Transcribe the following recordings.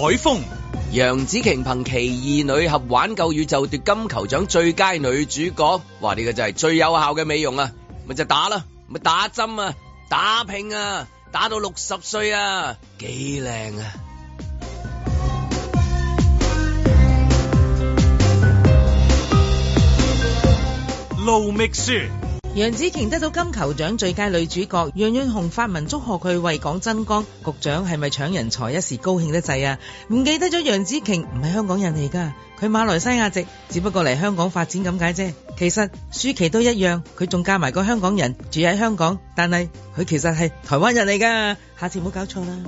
海風，楊紫瓊憑《奇異女俠》玩救宇宙奪金球獎最佳女主角，哇！呢個就係最有效嘅美容啊，咪就打啦，咪打針啊，打拼啊，打到六十歲啊，幾靚啊，盧覓雪。楊紫瓊得到金球獎最佳女主角，楊潤雄發文祝賀佢為港增光。局長係咪搶人才一時高興得滯啊？唔記得咗楊紫瓊唔係香港人嚟噶，佢馬來西亞籍，只不過嚟香港發展咁解啫。其實舒淇都一樣，佢仲嫁埋個香港人住喺香港，但係佢其實係台灣人嚟噶。下次唔好搞錯啦。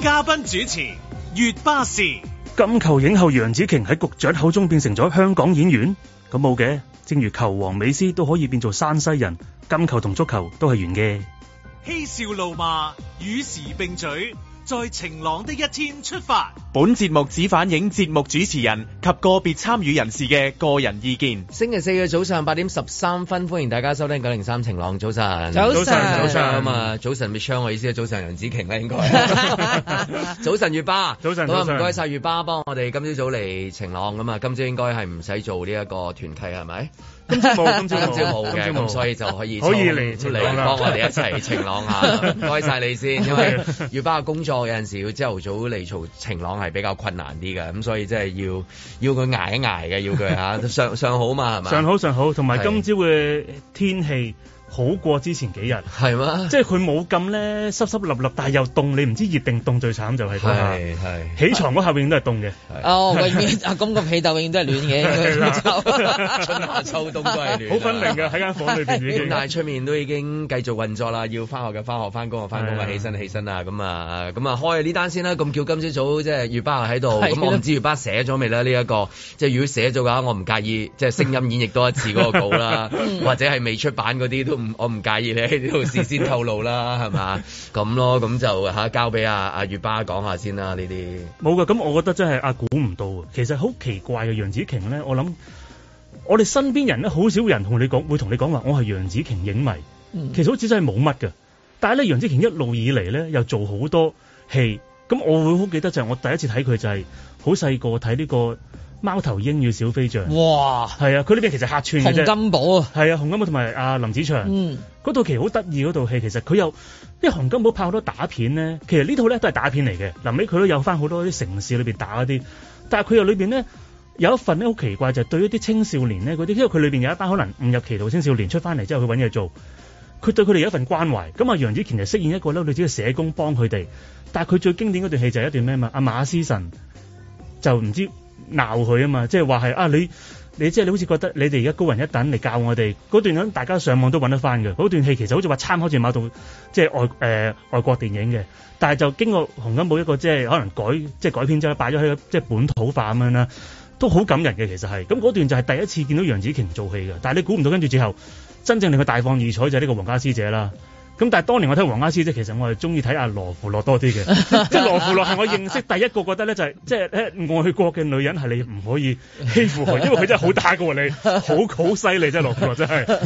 嘉賓主持：粵巴士。金球影后楊紫瓊喺局長口中變成咗香港演員，咁冇嘅。正如球王美斯都可以變做山西人，金球同足球都係圓嘅。嬉笑怒罵，與時並舉。在晴朗的一天出發。本節目只反映節目主持人及個別參與人士嘅個人意見。星期四嘅早上八點十三分，歡迎大家收聽九零三晴朗早晨，早晨。早晨，早上啊嘛，早晨 Michelle，我意思係早晨楊紫瓊啦，應該。 早晨月巴，早晨，好唔該晒，月巴幫我哋今朝早嚟晴朗啊嘛，今朝應該係唔使做呢一個團契係咪？今朝今朝冇嘅，咁、嗯、所以就可以出嚟幫我哋一齊晴朗下啦。 下 多謝晒你先，因為要包工作，有陣時要朝頭早嚟做晴朗係比較困難啲嘅，咁所以即係要要佢挨一挨嘅，要佢吓上上好嘛係嘛？ 上好上好，同埋今朝嘅天氣。好過之前幾日，係咩？即係佢冇咁咧濕濕立立，但係又凍。你唔知熱定凍最慘就係佢啦。起床嗰下邊都係凍嘅。哦，永遠 啊，咁個被竇永遠都係暖嘅。 就 春夏秋冬都係暖嘅。好分明㗎，喺間房裏邊 但係出面都已經繼續運作啦。要翻學嘅翻學，翻工啊翻工啊，起身起身啊咁啊咁啊，開呢單先啦。咁叫今朝早是、這個、即係月巴喺度。咁我唔知月巴寫咗未啦？呢一個即係如果寫咗嘅話，我唔介意 即係聲音演繹多一次嗰個稿啦。 或者係未出版嗰啲都。唔，我唔介意你喺呢度事先透露啦，係嘛，咁咯，咁就吓交俾阿阿月巴講下先啦，呢啲冇噶。咁我覺得真係阿估唔到，其實好奇怪嘅，楊紫瓊咧，我諗我哋身邊人咧好少人同你講，會同你講話，我係楊紫瓊影迷，其實好似真係冇乜噶，但係咧楊紫瓊一路以嚟咧又做好多戲，咁我會好記得就係我第一次睇佢就係好細個睇呢個。貓頭鷹與小飛象，哇，係啊，佢呢邊其實是客串的洪金寶啊，係啊，洪金寶同埋阿林子祥，嗰、嗯、套其實好得意嗰套戲，其實佢有啲洪金寶拍好多打片咧，其實這呢套咧都係打片嚟嘅。臨尾佢都有翻好多啲城市裏邊打嗰啲，但係佢又裏邊咧有一份咧好奇怪，就是、對一啲青少年咧嗰啲，因為佢裏邊有一班可能誤入歧途青少年出翻嚟之後去揾嘢做，佢對佢哋有一份關懷。咁阿楊紫瓊就飾演一個咧，類似嘅社工幫佢哋。但係佢最經典嗰段戲就是一段咩嘛？阿、啊、馬思臣就唔知道。鬧佢啊嘛，即係話係啊，你你即係、就是、你好似覺得你哋而家高人一等嚟教我哋嗰段大家上網都揾得翻嘅。嗰段戲其實好似話參考住某套即係外誒、呃、外國電影嘅，但係就經過洪金寶一個即係可能改即係改編之後，擺咗喺即係本土化咁樣啦，都好感人嘅其實係。咁嗰段就係第一次見到楊紫瓊做戲嘅，但係你估唔到跟住之後真正令佢大放異彩就係呢個皇家師姐啦。咁但係當年我睇黃家思啫，其實我係鍾意睇阿羅富樂多啲嘅，即 係羅富樂係我認識第一個覺得呢、就係，就係即係誒外國嘅女人係你唔可以欺負佢，因為佢真係好打嘅喎，你好好犀利真係羅富樂真係。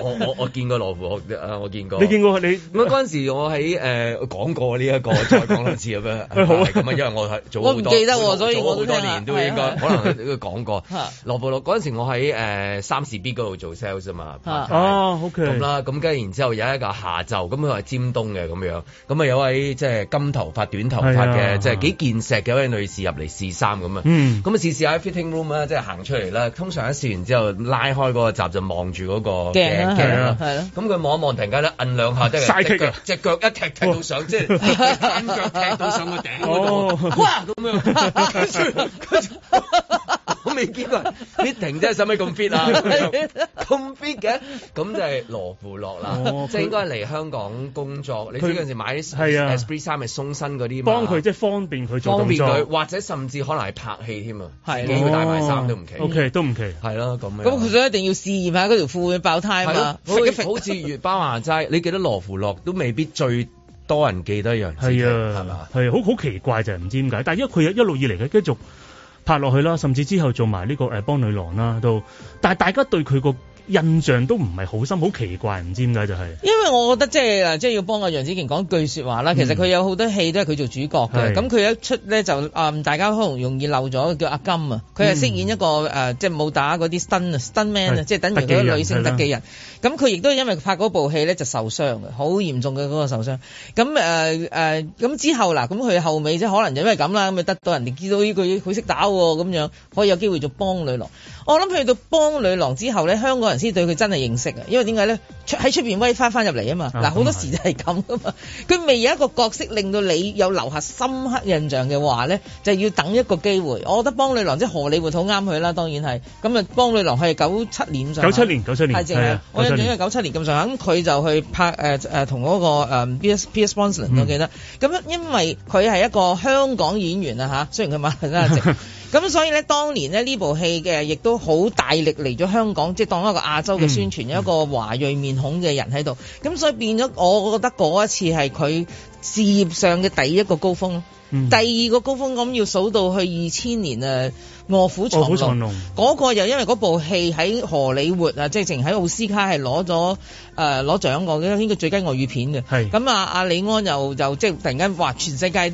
我我見過羅富樂我，我見過。你見過你？咁嗰陣時我喺、呃、講過呢、這、一個，再講兩次咁樣係咁啊， 是不是 因為我做我唔記得所以我都聽啦。咁多，多年都應該 可能都講過。羅富樂嗰陣時我喺、呃、三視 B 嗰度做 sales 啊嘛。哦、 啊，好、okay. 啦。咁跟住，然之後有一個下晝，咁佢係尖東嘅咁樣，咁啊有位即係金頭髮、短頭髮嘅、啊，即係幾健碩嘅位女士入嚟試衫咁樣，咁啊試試下喺 fitting room 即係行出嚟啦。通常一試完之後，拉開嗰個閘就望住嗰個鏡鏡咁佢望一望，突然間咧，摁兩下，即係隻腳一踢踢到上，即係單腳一踢到上個頂嗰度，哇！咁未見過 f i t t 使唔使咁 fit 啊？咁 fit 嘅，咁 必 就係羅芙洛啦，即係應該嚟香港工作。你嗰陣時買啲 S B 三係鬆身嗰啲，幫佢即係方便佢做動作方便佢，或者甚至可能係拍戲添啊，自己要帶埋衫都唔奇。O K 都唔奇，係咯，咁咁佢想一定要試驗下嗰條褲會爆胎嘛。啊、 好似月包華齋、就是，你記得羅芙洛都未必最多人記得一樣，係啊，係、啊啊、好好奇怪就係唔知點解，但係因為佢一路以嚟嘅繼續。拍落去啦，甚至之後做埋呢、這個誒邦、哎、女郎啦都，但係大家對佢個。印象都唔係好深，好奇怪，唔知點解就係。因為我覺得即係，即係要幫阿楊紫瓊講句説話啦。其實佢有好多戲都係佢做主角嘅。咁、嗯、佢一出呢，就，大家好容易漏咗叫阿金啊。佢係飾演一個誒、嗯呃，即係冇打嗰啲 stunt stunt man 即係等住嗰啲女性特技人。咁佢亦都因為拍嗰部戲呢就受傷好嚴重嘅嗰個受傷。咁誒誒，咁、呃呃、之後嗱，咁佢後尾即可能因為咁啦，咁咪得到人哋見到依句佢識打喎、哦，咁樣可以有機會做幫女郎。我諗去到幫女郎之後呢，香港人。先對佢真係認識啊，因為點解咧？出喺出邊威翻翻入嚟啊嘛！嗱、哦，好多時就係咁噶嘛。佢未有一個角色令到你有留下深刻印象嘅話咧，就要等一個機會。我覺得邦女郎即係荷里活好啱佢啦，當然係。咁啊，邦女郎係九七年上，九七年，九七年，係我印象係九七年咁上下。咁佢、yeah, 就去拍誒誒同嗰個 p S、呃、Pierce Brosnan 我記得。咁、嗯、因為佢係一個香港演員啊吓，雖然佢馬來西亞籍。 咁所以咧，當年咧呢部戲嘅亦都好大力嚟咗香港，即係當一個亞洲嘅宣傳，有、嗯、一個華裔面孔嘅人喺度。咁、嗯、所以變咗，我覺得嗰一次係佢事業上嘅第一個高峰。嗯、第二個高峰咁要數到去二千年啊，府《臥虎藏龍》嗰、嗰個又因為嗰部戲喺荷里活啊、嗯，即係淨喺奧斯卡係攞咗誒攞獎過嘅，呢個最佳外語片嘅。係咁啊，阿李安又又即係突然間話全世界。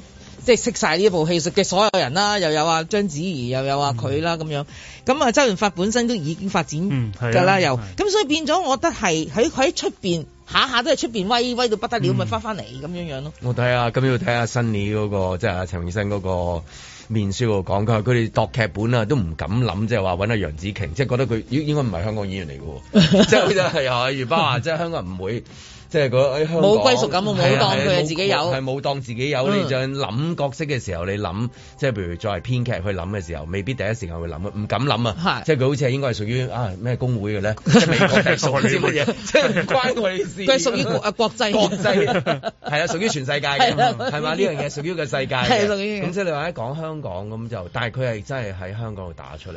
即係識晒呢一部戲熟嘅所有人啦，又有啊章子怡，又有啊佢啦咁樣，咁啊周潤發本身都已經發展嘅啦，又、嗯、咁、啊啊啊、所以變咗，我覺得係喺喺出邊下下都係出邊威威到不得了，咪翻翻嚟咁樣樣咯。我睇下，咁要睇下新料嗰個，即係阿陳奕迅嗰個面書講佢，佢哋讀劇本啊都唔敢諗，即係話揾阿楊紫瓊，即、就、係、是、覺得佢應應該唔係香港演員嚟嘅，即係真係啊如花，即係、就是、香港人唔會。即係嗰喺香港冇歸屬感，冇當佢係自己有，係冇當自己有。係係冇當自己有嗯、你仲諗角色嘅時候，你諗即係譬如作為編劇去諗嘅時候，未必第一時間會諗，唔敢諗啊！即係佢好似係應該係屬於啊咩工會嘅呢？ 即係美國屬於乜嘢， 即係唔關我事。佢係屬於國際國際，係 啊屬於全世界，係嘛？呢樣嘢屬於個世界。係 屬於。咁即係你話一講香港咁就，但係佢係真係喺香港度打出嚟。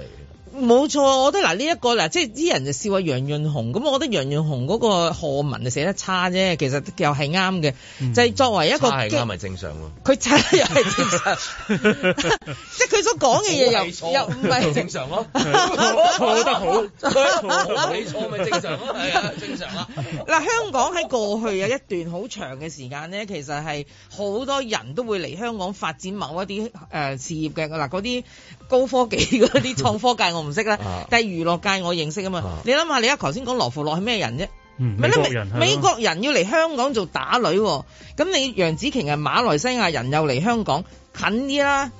冇錯，我覺得嗱呢一個嗱、啊，即係啲人就笑話楊潤雄，咁我覺得楊潤雄嗰個賀文就寫得差啫，其實又係啱嘅，就係、是、作為一個係啱，咪正常喎、啊。佢差又係正常， 即係佢所講嘅嘢又又唔係正常咯、啊。錯 常、啊、 我覺得好，錯都錯咪正常咯、啊，係、 啊、正常啦、啊。嗱、 啊，香港喺過去有一段好長嘅時間咧，其實係好多人都會嚟香港發展某一啲、呃、事業嘅，嗱嗰啲高科技嗰啲創科界我。 唔識啦，但係娛樂界我認識啊嘛。你諗下，你一頭先講羅芙洛係咩人啫、嗯？美國人要嚟香港做打女，咁你楊紫瓊係馬來西亞人又嚟香港近啲啦。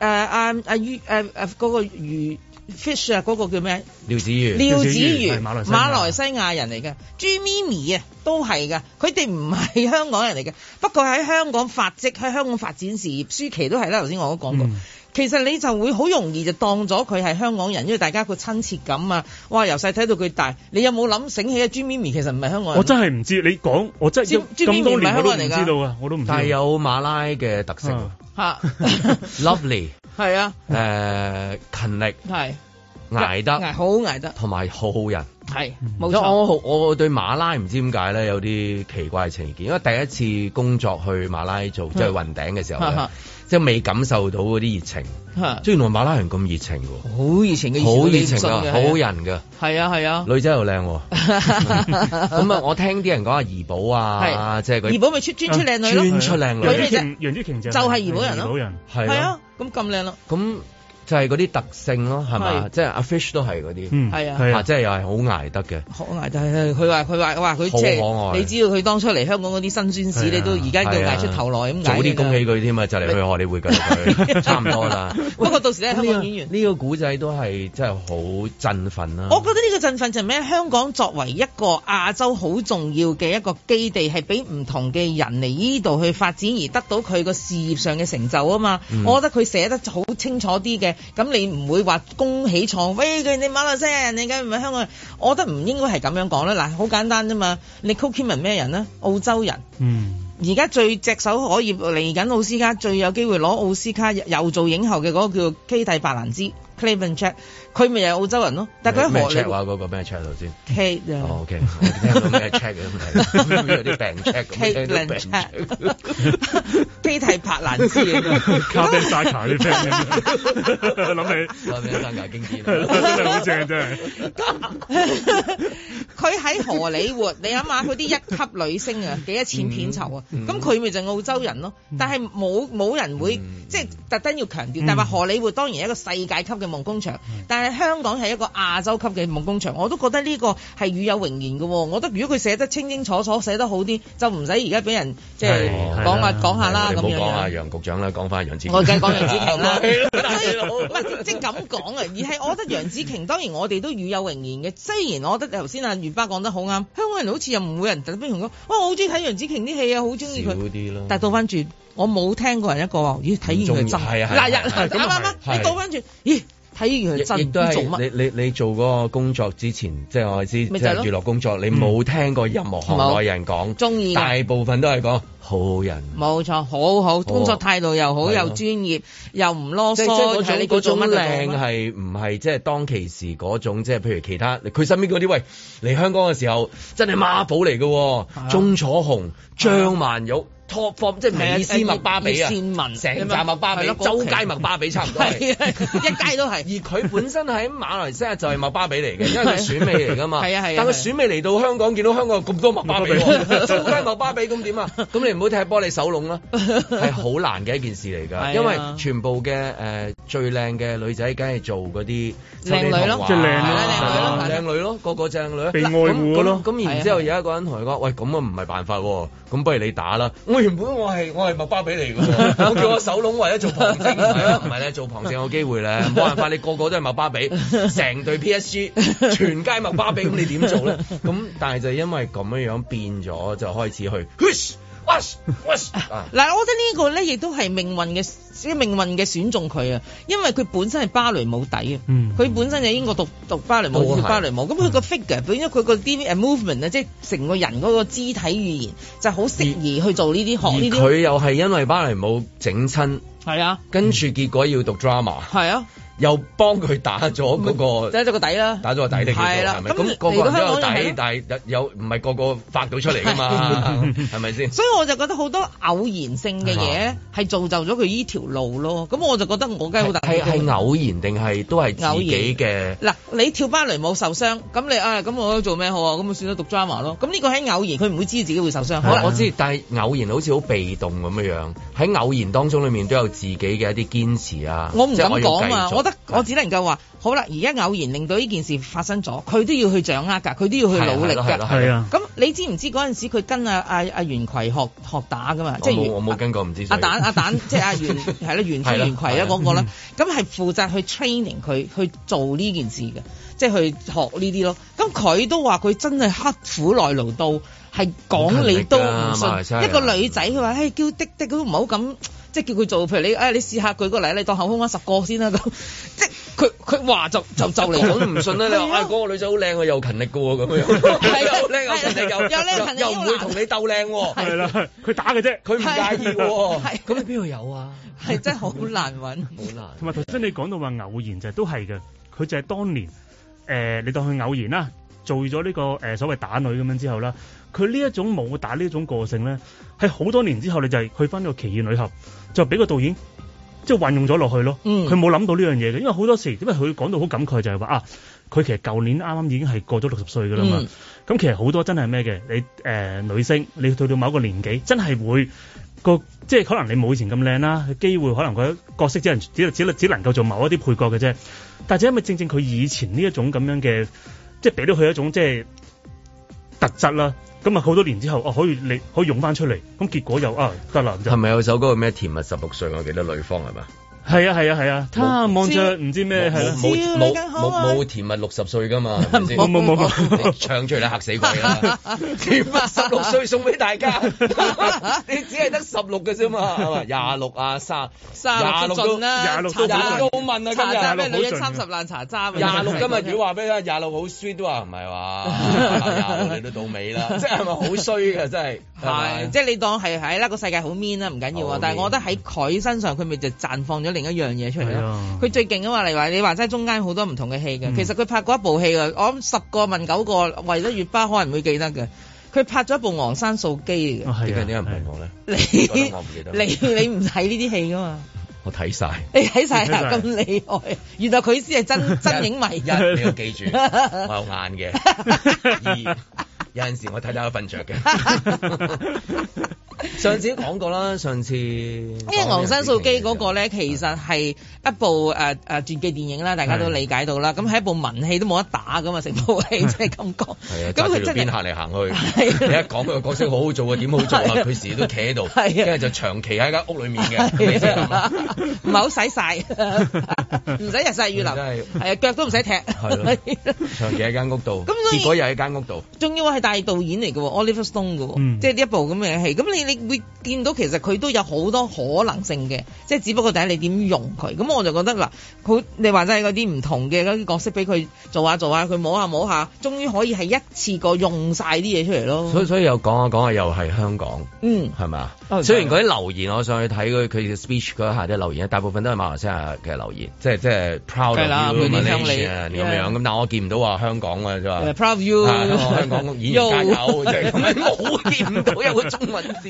誒阿阿魚誒誒嗰個魚 fish 啊，嗰、嗰個叫咩？廖子妤。廖子妤馬，馬來西亞人嚟嘅，朱咪咪啊都係噶，佢哋唔係香港人嚟嘅，不過喺香港發跡，喺香港發展事業。舒淇都係啦，頭先我都講過。嗯其實你就會好容易就當咗佢係香港人，因為大家個親切感啊！哇，由細睇到佢大，你有冇諗醒起啊？朱咪咪其實唔係香港人，我真係唔知。你講我真係咁多年人我都唔知道，我都唔知，但係有馬拉嘅特色，嚇 ，lovely 係 啊，誒、呃、勤力係捱得，好捱，捱得，同埋好好人係冇錯我。我對馬拉唔知點解咧有啲奇怪情結，因為第一次工作去馬拉做即係 雲頂嘅時候。 即係未感受到嗰啲熱情，啊，即原來馬拉人咁熱情嘅，好熱情嘅，好熱情嘅，好人嘅，係啊係啊，女仔又靚，咁 啊 我聽啲人講阿怡保啊，係啊，即、就、係、是、怡保咪出專出靚女咯，專、啊、出靚女楊紫瓊就係怡保人咯，怡保人係啊，咁咁靚咯，咁。就係嗰啲特性咯，係咪？即係阿 Fish 都係嗰啲，係啊，即係又係好捱得嘅。好捱得佢話佢話話佢即係，你知道佢當初嚟香港嗰啲辛酸事，你、啊、都而家叫嗌出頭來咁捱、啊。早啲恭喜佢添啊！就嚟去 我哋會計，差唔多啦、 哎。不過到時咧、這個，香港演員呢、呢個古仔都係真係好振奮啊。我覺得呢個振奮就係咩？香港作為一個亞洲好重要嘅一個基地，係俾唔同嘅人嚟呢度去發展而得到佢個事業上嘅成就啊嘛。我覺得佢寫得好清楚啲嘅。咁你唔會話恭喜創飛佢，你馬來西亞人，你梗唔係香港人？我覺得唔應該係咁樣講啦。嗱，好簡單啫嘛。你 Nicole Kidman 咩人呢？澳洲人。嗯。而家最只手可以嚟緊奧斯卡，最有機會攞奧斯卡又做影后嘅嗰個叫 Katie 白蘭芝 Cate Blanchett。佢咪又係澳洲人咯？但佢喺荷里，嗰個咩 check 先？Kate。o k、oh, okay. 我聽過咩 check 咁有啲病 check 病 check。基蒂 柏蘭芝啲 friend 諗起經典，好正、真係啊啊、 真佢喺 荷里活，你諗下，嗰啲一級女星啊，幾多錢片酬啊？咁佢咪就澳洲人咯、啊嗯？但係冇冇人會、嗯、即係特登要強調，嗯、但係話荷里活當然係一個世界級嘅夢工場，嗯、但香港係一個亞洲級嘅夢工場，我都覺得呢個係與有榮焉嘅。我覺得如果佢寫得清清楚楚，寫得好啲，就唔使而家俾人即係講下講下啦。唔好講啊，下下下楊局長啦，講翻楊紫。我梗係講楊紫瓊啦。 所以唔係即係咁講啊，而係我覺得楊紫瓊當然我哋都與有榮焉嘅。雖然我覺得頭先阿袁巴講得好啱，香港人好似又唔會人特別同講，哇、哦！我好中意睇楊紫瓊啲戲啊，好中意佢。少啲啦。但係倒翻轉，我冇聽過人一個咦睇、哎、完佢真嗱日咁啦嘛，你倒翻轉咦？睇完佢真都係你你你做嗰個工作之前，即係我知、即係、即係娛樂工作，你冇聽過任何行內人講，嗯，大部分都係講好人。冇錯，好好，好，好工作態度又好，啊、又專業又唔囉嗦。即係嗰種靚係唔係即係當其時嗰種，即係譬如其他佢身邊嗰啲喂嚟香港嘅時候真係孖寶嚟嘅，鍾楚紅、張曼玉。托放即係米斯美斯文巴比啊，米斯文成扎麥巴比，周街麥巴比差唔多，係一街都係。而佢本身喺馬來西亞就係麥巴比嚟嘅，因為佢選美嚟噶嘛。係啊係啊。但佢選美嚟到香港，見到香港咁多麥巴比，周街麥巴比咁點啊？咁你唔好踢波，你守籠啦，係好難嘅一件事嚟噶。因為全部嘅誒最靚嘅女仔，梗係做嗰啲靚女咯，最靚女靚女咯，靚女咯，個個正女被愛護咯。咁咁然之後有一個人同佢講，喂，咁啊唔係辦法喎，咁不如你打啦。原本我係，我係麥巴比嚟嘅。 我叫我手攏為咗做旁證，係啊，唔係咧做旁證有機會咧，冇辦法，你個個都係麥巴比，成隊 PSG，全街麥巴比，咁你點做咧？咁但係就因為咁樣樣變咗，就開始去。噓噓 w a 嗱，我覺得個呢個咧亦都係命運嘅即命運嘅選中佢啊，因為佢本身係芭蕾舞底啊，佢、嗯、本身就英國讀讀芭蕾舞、芭、嗯、蕾舞。咁佢個 figure，變咗佢個 d movement 啊，即係成個人嗰個肢體語言，就好適宜去做呢啲學。佢又係因為芭蕾舞整親，係啊，跟住結果要讀 drama，係啊。又幫佢打咗嗰個、嗯、個、個、個，打咗、嗯那個、個底啦，打咗個底嚟嘅，係啦。咁個個都有底，但係有唔係個、個個發到出嚟噶嘛？係咪先？所以我就覺得好多偶然性嘅嘢係造就咗佢依條路咯。咁我就覺得我梗係好大。係係偶然定係都係自己嘅？嗱，你跳芭蕾舞受傷，咁你啊咁、哎、我做咩好啊？咁咪算咗讀 drama 咯？咁呢個係偶然，佢唔會知道自己會受傷。好，我知，但係偶然好似好被動咁樣，喺偶然當中裏面都有自己嘅一啲堅持啊。我唔敢講啊，我只能夠話，好啦，而家偶然令到呢件事發生咗，佢都要去掌握㗎，佢都要去努力嘅、啊。啊，咁你知唔知嗰陣時佢跟阿阿阿袁葵學，學打㗎嘛？即係我冇跟過，唔、啊、知。阿蛋阿蛋，即係阿袁係啦， 袁袁葵呢嗰、嗰個啦，咁係、嗰個嗯、負責去 training 佢去做呢件事嘅，即、就、係、是、去學呢啲咯。咁佢都話佢真係刻苦耐勞到，係講你都唔信、啊啊。一個女仔佢話：，唉、哎，叫滴滴都唔好咁。即係叫佢做，譬如你，哎，你試下舉個例，你當後空翻十個先啦、啊、咁。即係佢佢話就就就嚟講都唔信啦。 你話、啊、哎，嗰、那個女仔好靚啊，又勤力噶喎，咁樣又叻又勤力又又唔會同你鬥靚。係 啦、啊，佢打嘅啫，佢唔介意。喎、啊。咁，邊度有啊？係 真係好難搵，好 難。同埋頭先你講到話偶然就是、都係嘅，佢就係當年誒、呃，你當佢偶然啦，做咗呢、這個誒、呃、所謂打女咁樣之後啦。佢呢一種武打呢一種個性咧，喺好多年之後，你就係去翻呢個《奇異女俠》，就俾個導演即係運用咗落去咯。嗯，佢冇諗到呢樣嘢嘅，因為好多時點解佢講到好感慨就係話啊，佢其實舊年啱啱已經係過咗六十歲噶啦嘛。咁、嗯、其實好多真係咩嘅，你誒、呃、女星，你去到某個年紀，真係會個即係可能你冇以前咁靚啦，機會可能佢角色只能只只只能夠做某一啲配角嘅啫。但係正因為正正佢以前呢一種咁樣嘅，即係俾到佢一種即係。特質啦，咁啊好多年之後哦，可以你可以用翻出嚟，咁結果又啊得啦，係咪有首歌叫咩？甜蜜十六歲，我記得女方係嘛？係啊係啊係啊！他望、啊啊、著唔知咩係冇冇冇甜蜜六十歲㗎嘛？冇冇冇冇唱出嚟 嚇死佢鬼啦！甜蜜十六歲送俾大家， 你只係得十六嘅啫嘛？係咪廿六啊？三三廿六都廿六都好問啊！今日咩兩三十爛茶渣？廿六今日如果話俾佢廿六好衰，都話唔係話廿六你都到尾啦！即係咪好衰㗎？真係係即係你當係喺呢個世界好 mean 啊，唔緊要啊！但係我覺得喺佢身上佢咪就綻放咗。另一樣嘢出嚟咯，佢最勁啊嘛！你話你話齋中間好多唔同嘅戲嘅，其實佢拍過一部戲啊，我諗十個問九個為咗月巴可能會記得嘅。佢拍咗一部《昂山素姬》嘅。點解啲人唔係我咧？你我唔記得。你你唔睇呢啲戲噶嘛？我睇晒。你睇晒 啊？咁 厲害？原來佢先係真 真影迷人。一你要記住， 我有眼嘅。 二有陣時我睇睇都瞓着嘅。 上次都講過啦，上次因為《昂山素姬嗰個咧，其實係一部誒誒傳記電影啦，大家都理解到啦。咁係一部文戲都冇得打噶嘛，成套戲即係咁講，咁、就、佢、是、真係變行嚟行去。你一講佢個角色好好做啊，點好做啊？佢時都企喺度，跟住就長期喺間屋裏面嘅，唔係好使晒，唔使 日曬雨淋，係啊，腳都唔使踢，長期喺間屋度，如果又喺間屋度，仲要係大導演嚟喎 Oliver Stone 喎、嗯，即係呢一部咁嘅戲，咁你。你會見到其實佢都有好多可能性嘅，即係只不過睇下你點用佢。咁我就覺得嗱，佢你話齋嗰啲唔同嘅啲角色俾佢做下做下，佢摸下摸下，終於可以係一次過用晒啲嘢出嚟咯。所以所以說說說說又講下講下又係香港，嗯，係嘛、哦？雖然嗰啲留言我上去睇佢佢嘅 speech 下啲留言，大部分都係馬來西亞嘅留言，即係即係 proud of you Malaysia 咁樣。咁、yeah. 但我見唔到話香港嘅啫、yeah. yeah,，proud you 香港演員加油，冇見到一個中文字。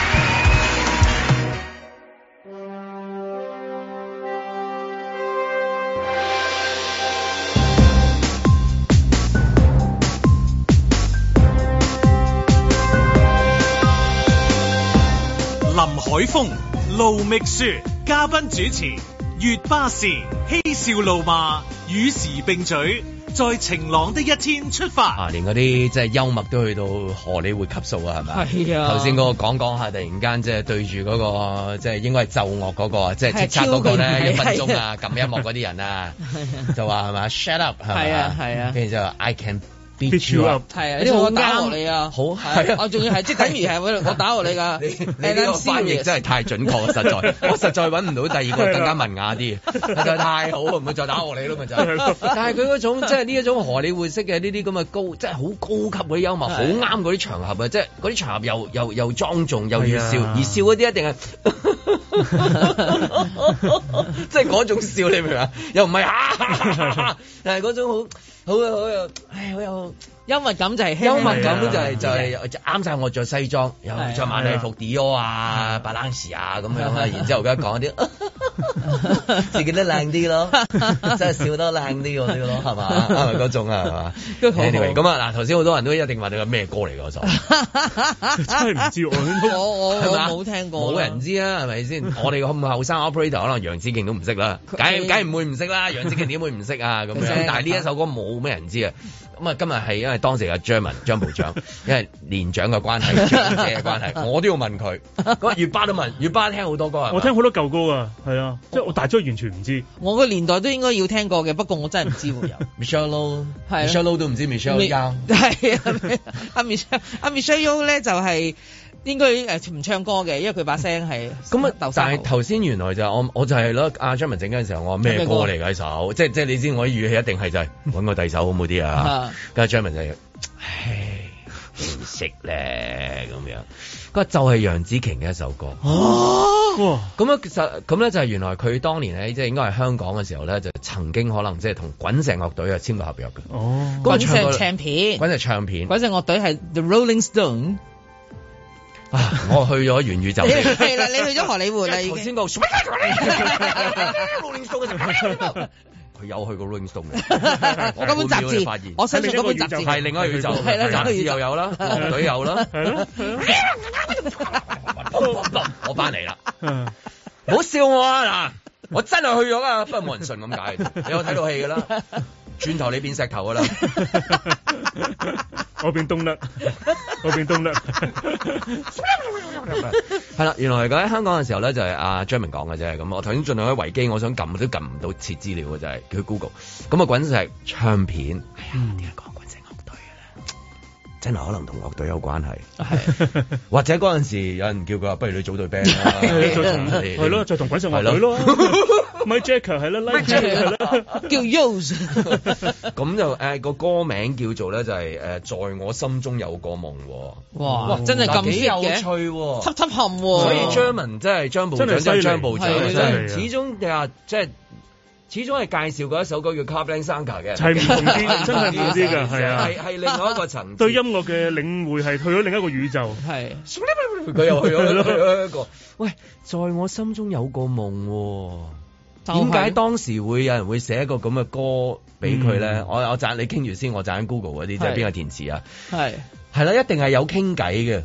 海風路覓雪，嘉賓主持月巴士，嬉笑怒罵與時並嘴，在晴朗的一天出發。啊，連嗰啲即係幽默都去到荷里活級數啊，係咪？頭先嗰個講講下，突然間即係對住嗰個即係應該係奏樂嗰個，即係、那個、即插嗰個咧、啊，一分鐘啊，撳音樂嗰啲人啊，啊就話係嘛，shut up，係啊係啊，跟住、啊、就話 I can't。別住啊，呢個我打落你啊，好係、啊啊啊啊啊啊啊啊啊，我仲要係即係等於係我打落你㗎。你、啊、你呢個翻譯真係太準確， 實在我實在揾唔到第二個 更加文雅啲，實在太好，唔會再打落你啦咪 就。但係佢嗰種即係呢一種荷里活式嘅呢啲咁嘅高，即係好高級嗰啲幽默，好啱嗰啲場合啊！即係嗰啲場合又又又莊重又熱笑、啊，而笑嗰啲一定係即係嗰種笑你明唔明？又唔係、啊、 但係嗰種好好、啊、好又、啊哎、好又、啊。幽默感就係幽默感，因為就係就係啱晒我着西裝，啊、又着、啊、晚禮服 Dior 啊、Balenciaga 咁樣啦。然之後而家講啲， 自己都靚啲咯，真係笑得靚啲嗰啲咯，係嘛？嗰 種啊，係嘛？Anyway，咁啊，嗱頭先好多人都一定問你咩歌嚟嗰首， 真係唔知我 我我冇聽過，冇 人知啊，係咪先？ 我哋咁後生 operator 可能楊紫瓊都唔識啦，梗唔會唔識啦，楊紫瓊點會唔識啊？咁但係呢一首歌冇咩人知啊。咁啊，今日係因為當時阿張文張部長，因為年長嘅關係嘅 關係，我都要問佢。我月巴都問，月巴聽好多歌，我聽好多舊歌啊，係啊，即係我大咗完全唔知。我個年代都應該要聽過嘅，不過我真係唔知會有。Lo, Lo 係 Michelle Low m i c h e l l e Low 都唔知 Michelle 而家係阿 Michelle 阿、啊、Michelle Low 咧就係、是。應該誒唔唱歌嘅，因為佢把聲係咁啊。但係頭先原來就我我就係咯，阿 Jammin m m 整緊嘅時候，我話咩歌嚟嘅呢首？ 即即係你知，我語氣一定係就係搵個第二首好冇啲 啊。跟住 Jammin 就係，唉，唔識咧咁樣。佢話就係楊紫瓊嘅一首歌。哦、啊，咁樣其實咁咧就係原來佢當年咧即係應該係香港嘅時候咧，就曾經可能即係同滾石樂隊啊簽過合約嘅。哦，滾 石唱片。滾石唱片。滾石樂隊係 The Rolling Stone。我去咗元， 元宇宙。係啦，你去咗荷里活啦。頭先講什麼？佢有去過龍影洞嘅。我根本雜誌我新我嗰本雜誌係另一個宇宙。雜字又有啦，女有啦。我翻嚟啦！唔好笑我啊來！嗱 我真係去咗啊，不過冇人信咁解。你有睇到戲㗎啦，轉頭你變石頭㗎啦。我邊動力，我邊動力，係啦。 原來佢喺香港嘅時候咧、啊，就係阿張明講嘅啫。咁我頭先進去喺維基，我想撳都撳唔到撤資料嘅，就係、是、佢 Google。咁啊，滾石唱片。係、嗯、啊，點樣講？真係可能同樂隊有關係，或者嗰陣時有人叫佢話不如你組隊 band 啦，係咯，就同鬼神樂女咯，咪 Jacky 係 Lite 係啦，叫 Yose。咁就個歌名叫做咧就係在我心中有個夢。哇！真係咁有趣，所以張文真係張部長就係張部長，始終就即係。始終係介紹過一首歌叫 Caribbean Singer 嘅，係唔同啲，真係唔同啲嘅，係啊，係係另外一個層次 對音樂嘅領會係去咗另一個宇宙，係，佢又去咗另一,一個。喂，在我心中有個夢，啊，點、就、解、是、當時會有人會寫一個咁嘅歌俾佢咧？我我讚你傾住先，我讚喺 Google 嗰啲即係邊個填詞啊？係係啦，一定係有傾偈嘅。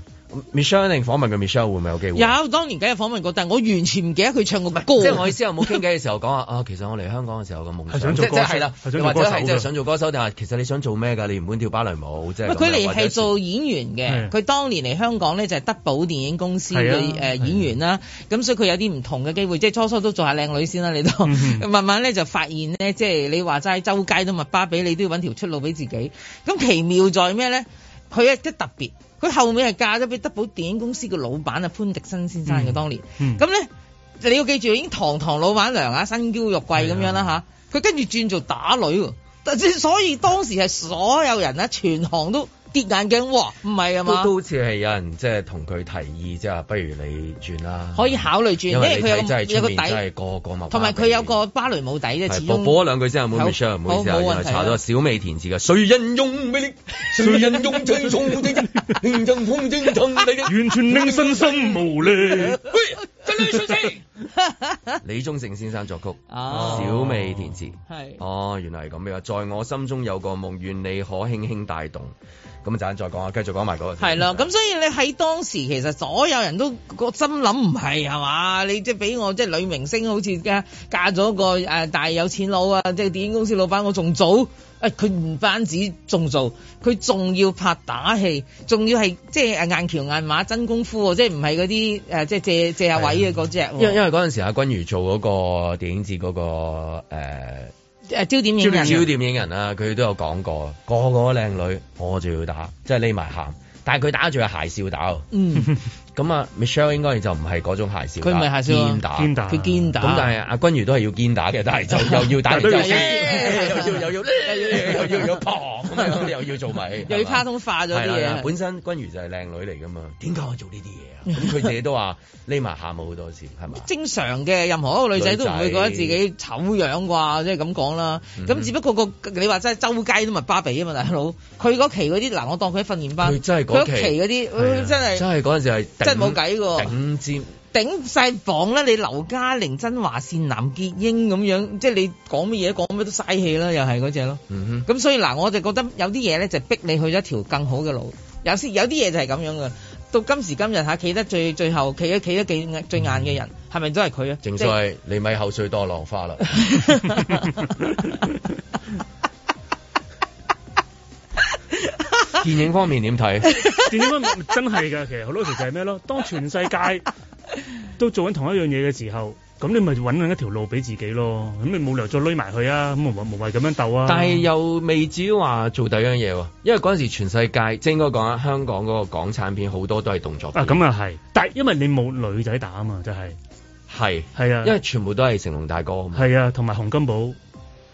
Michelle 定訪問佢 Michelle 會唔會有機會？有，當年梗係訪問過，但係我完全唔記得佢唱過乜歌。即係、就是、我意思，我有冇傾偈嘅時候講啊？ 啊，其實我嚟香港嘅時候嘅夢想係做歌星，啦，或者係即係想做歌手，定、就、係、是就是就是就是、其實你想做咩㗎？你唔會跳芭蕾舞，即係佢嚟係做演員嘅。佢當年嚟香港咧就係、是、德寶電影公司嘅誒演員啦。咁所以佢有啲唔同嘅機會，即係初初都做下靚女先啦、啊。你都、嗯、慢慢咧就發現咧，即係你話齋周街都咪巴比，你，都，你都要揾條出路俾自己。咁奇妙在咩咧？佢一即特別。佢後尾係嫁咗俾德寶電影公司嘅老闆啊潘迪生先生嘅。當年咁咧、嗯嗯、你要記住已經堂堂老闆娘啊，身嬌肉貴咁樣啦吓，佢跟住轉做打女，但所以當時係所有人啊全行都。眼鏡唔係啊嘛，都好似係有人即係同佢提議，即係不如你轉啦，可以考慮轉，因為佢真係出面真係個物，同埋佢有個芭蕾舞底嘅係，補補兩句先啊，唔好，好意思，唔好意思，查到小美填詞嘅誰人用誰人慵，輕鬆輕，輕鬆輕鬆，你完全令身心無力，真係 李宗盛先生作曲，哦、小美填詞，係哦，原來係咁樣。在我心中有個夢，願你可輕輕帶動。咁啊，陣間再講下，繼續講埋嗰、嗰個。係啦，咁所以你喺當時，其實所有人都個心諗唔係係嘛？你即係俾我即係女明星好似嫁，好似而家嫁咗個誒大有錢佬啊！即係電影公司老闆，我仲早。誒、哎，佢唔不單止仲做，佢仲要拍打戲，仲要係即係誒硬橋硬馬真功夫，即係唔係嗰啲誒即係借借下位嘅嗰隻。因為因為嗰陣時阿君如做嗰個電影節嗰、那個誒點、欸、焦點影人焦點影人啊，佢都有講過，個個靚女我就要打，即係匿埋喊，但係佢打住係邪笑打。咁、嗯、啊 Michelle 應該就唔係嗰種邪笑，佢唔係邪笑堅打，堅、啊、打，咁但係阿君如都係要堅打嘅， 但係就又要打又 要打就打 yeah, 又要咗噃，咁你又要做埋， 又要卡通化咗啲嘢。本身君如就係靚女嚟噶嘛，點解我做呢啲嘢啊？咁佢自己都話匿埋下冇好多次，係咪？正常嘅，任何一個女，女仔都唔會覺得自己醜樣啩，即係咁講啦。咁、嗯嗯、只不過個你話真係周街都係芭比啊嘛，大佬。佢嗰期嗰啲嗱，我當佢喺訓練班，佢真係佢嗰期嗰啲，佢、啊、真係真係嗰陣時係真係冇計喎，頂尖。頂晒房啦，你劉嘉玲、曾華倩、藍潔瑛咁樣，即係你講乜嘢講乜都嘥氣啦，又係嗰隻咯。咁、嗯、所以嗱，我就覺得有啲嘢咧就是、逼你去一條更好嘅路，有啲有啲嘢就係咁樣噶。到今時今日吓，企得最最後，企得企得幾最硬嘅人，係、嗯、咪都係佢啊？正所謂、就是，你咪口水多浪花啦！ 電影方面點睇？電影方面真係噶，其實好多時就係咩咯？當全世界都做緊同一樣嘢嘅時候，咁你咪搵緊一條路俾自己咯。咁你冇理由再匿埋去啊！咁無無謂咁樣鬥啊！但係又未至於話做第一樣嘢。因為嗰陣時全世界即應該講香港嗰個港產片好多都係動作片啊。咁啊係，但係因為你冇女仔打啊嘛，就係係係啊，因為全部都係成龍大哥。係啊，同埋洪金寶。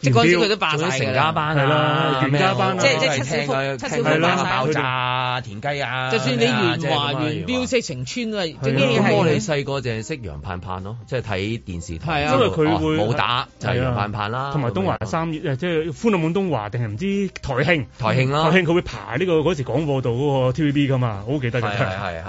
即嗰時佢都扮咗成家班啊啊，係啦、啊，元家班啦、啊，即、就、即、是就是、七小福，七小福、啊啊、爆炸啊，田雞啊，就算你元、啊、華、元彪、西城村啊，係，咁我哋細個淨係識楊盼盼咯，即係睇電視台。啊，因為佢會冇、哦、打、啊啊、就係楊盼盼啦，同埋東華三月、啊，即係歡樂滿東華定係唔知台慶？台慶啦、啊，台慶佢會排呢、這個嗰時廣播道嗰個 TVB 㗎嘛，好記得嘅。係係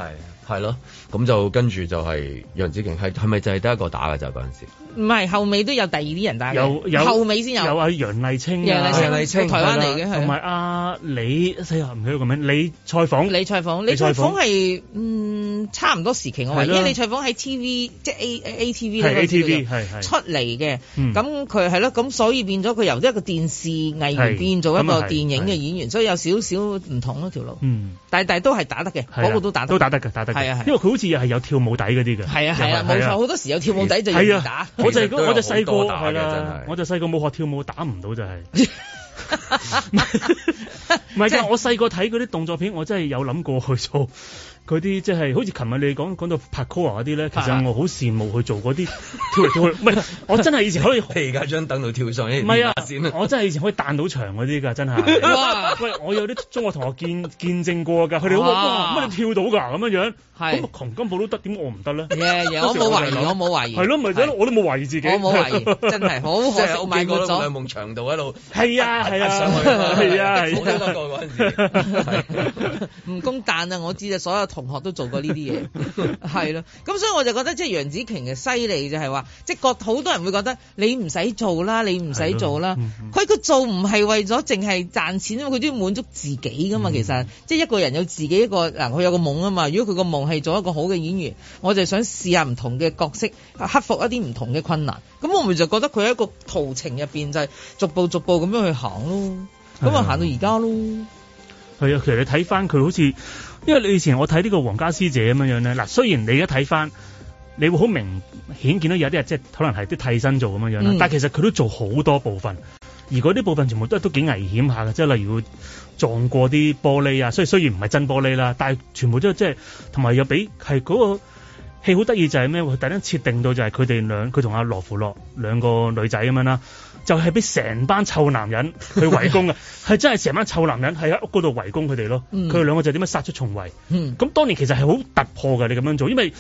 係咯，咁、啊啊啊啊啊、就跟住就係楊紫瓊，係係咪就係得一個打嘅就嗰陣時？唔係後尾都有第二啲人打，有有後尾先有，有阿楊麗菁，楊麗菁，台灣嚟嘅，同埋阿李，四核唔記得個名，李賽鳳，李賽鳳，李賽鳳係嗯差唔多時期，我因為李賽鳳喺 TV，即係 A A T V 嚟嘅，出嚟嘅，咁佢係咯，咁所以變咗佢由一個電視藝員變做一個電影嘅演員，所以有少少唔同咯條路，嗯、但係都係打得嘅，嗰個都打得，都打得嘅，打得因為佢好似又係有跳舞底嗰啲嘅，係啊係啊，冇錯，好多時有跳舞底就要打。我就係我就細個打嘅，真係我就細個冇學跳舞，打唔到就係。 唔係，即係我細個睇嗰啲動作片，我真係有諗過去做。嗰啲即係好似琴日你講講到拍 core 嗰啲咧，其實我好羨慕去做嗰啲 跳嚟跳去。唔係，我真係以前可以。企喺張凳度跳上去，啊、一唔係啊！我真係以前可以彈到牆嗰啲㗎，真係。喂，我有啲中學同學見見證過㗎，佢哋話哇乜跳到㗎咁樣樣，咁熊金寶都得，點我唔得咧？我冇懷疑，我冇懷疑。係咯，咪係咧，我都冇懷疑自己。我冇懷疑， 真係好。即 係、就是 oh、我買過兩夢牆度一路。係啊，係啊，係啊，係啊，冇聽過唔公彈啊！我知啊，所有同學都做過呢啲嘢，係 咯， 咁所以我就覺得即係楊紫瓊嘅犀利就係話，即係覺好多人會覺得你唔使做啦，你唔使做啦。佢佢做唔係為咗淨係賺錢啊，佢都要滿足自己噶嘛、嗯。其實即係、就是、一個人有自己一個嗱，佢有個夢啊嘛。如果佢個夢係做一個好嘅演員，我就想試下唔同嘅角色，克服一啲唔同嘅困難。咁我咪就覺得佢喺一個途程入面就係逐步逐步咁樣去行咯，咁啊行到而家咯。係啊，其實你睇翻佢好似。因為你以前我睇呢個皇家師姐咁樣樣咧，嗱，雖然你而家睇翻你會好明顯見到有啲人即係可能係啲替身做咁樣樣啦、嗯，但係其實佢都做好多部分，而嗰啲部分全部都係都幾危險下嘅，即係例如撞過啲玻璃啊，所以雖然唔係真玻璃啦，但係全部都即係同埋又俾係嗰個戲好得意就係咩，突然間設定到就係佢哋兩佢同阿羅芙洛兩個女仔咁樣啦。就係俾成班臭男人去圍攻㗎。係 真係成班臭男人喺屋嗰度圍攻佢哋咯。佢、嗯、哋兩個就點樣殺出重圍？咁、嗯、當年其實係好突破嘅，你咁樣做，因為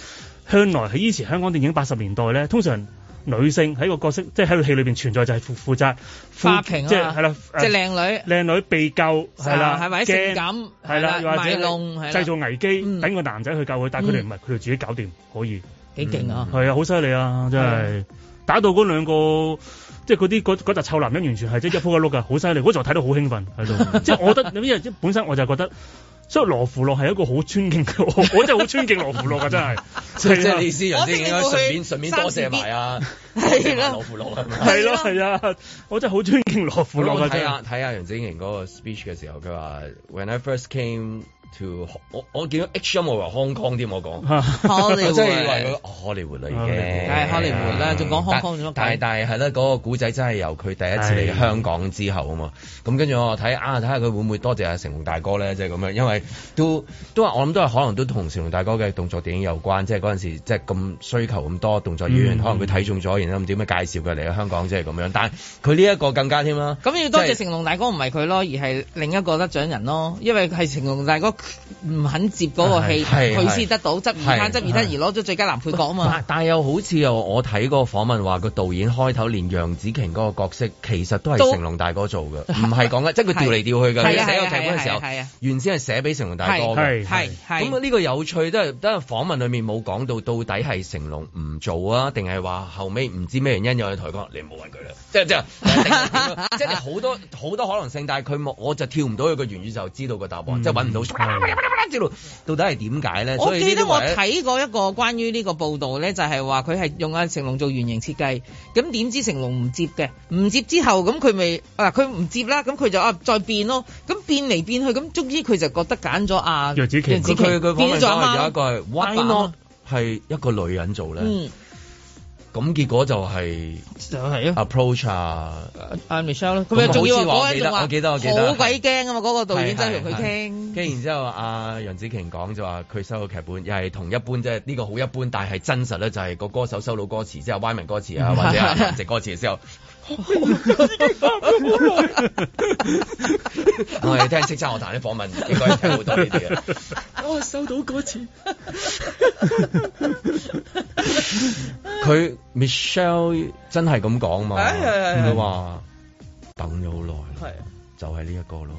向來喺以前香港電影八十年代咧，通常女性喺個角色，即係喺個戲裏面存在就係負負責花瓶，即係係啦，即靚、啊、女靚女被救係啦，係咪、啊啊、性感係啦、啊啊，或者係係製造危機等、嗯嗯、個男仔去救佢，但佢哋唔係，佢、嗯、哋自己搞掂可以幾勁啊！係、嗯、啊，好犀利啊！真係、啊、打到嗰兩個。即係嗰啲嗰隻臭男人完全係即係一鋪一碌㗎，好犀利！嗰時候睇到好興奮喺度， 即係我覺得，因為即本身我就覺得，所以羅浮樂係一個好尊敬我，我真係好尊敬羅浮樂㗎，真係 即是、 啊。即係你意思，楊子晴應該順便，順便，順便多謝埋，呀。 羅浮樂係咪？係 啊，啊，啊！我真係好尊敬羅浮樂。 我睇下睇下楊子晴嗰個 speech 嘅時候，佢話 When I first came。To，我我見到 HMO 話香港添，我講，即係話佢荷里活啦，已經係荷里活啦，仲講香港點啊？ 但係但係係啦，嗰、啊那個故仔真係由佢第一次嚟香港之後啊嘛。咁跟住我睇啊，睇下佢會唔會多謝阿成龍大哥咧？即係咁樣，因為都都話我諗都係可能都同成龍大哥嘅動作電影有關，即係嗰陣時即係咁需求咁多動作演員，mm -hmm. 可能佢睇中咗，然後咁點樣介紹佢嚟香港，即係咁樣。但係佢呢一個更加添啦。咁、就是、要多謝成龍大哥唔係佢咯，而係另一個得獎人咯，因為係成龍大哥。唔肯接嗰個戲，佢、啊、先得到，執二攤執二攤而攞咗最佳男配角啊嘛！但係又好似又我睇嗰個訪問話，個導演開頭連楊紫瓊嗰個角色，其實都係成龍大哥做嘅，唔係講緊，即係佢調嚟調去嘅。係啊，寫個劇本嘅時候，原先係寫俾成龍大哥，咁呢個有趣都係都係訪問裏面冇講到到底係成龍唔做啊，定係話後尾唔知咩原因又去台灣？你唔好問佢啦，即係即係，好 很多好 多可能性。但係佢我就跳唔到佢個原語，就知道個答案，即係搵唔到。到底係點解咧？我記得我睇過一個關於呢個報道咧，就係話佢係用阿成龍做原型設計，咁點知成龍唔接嘅，唔接之後咁佢咪佢唔接啦，咁佢就啊再變咯，咁變嚟變去，咁終於佢就覺得揀咗阿楊紫佢佢佢佢方面咧有一個係屈啊，係一個女人做咧。嗯咁結果就係就係 approach 啊 Michelle 咯，佢又仲要嗰陣仲話好鬼驚啊嘛！嗰個導演真係同佢傾，傾完之後阿楊紫瓊講就話佢收到劇本又係同一般啫，呢、呢個好一般，但係真實咧就係個歌手收到歌詞即係 Wyman 歌詞啊或者係林夕歌詞之後。 我 哋、 哦、聽叱咤樂壇啲訪問，應該聽好多呢啲啦。我、 哦、收到嗰次，佢 Michelle 真係咁講嘛，佢係話等咗好耐。係，就係呢一個咯，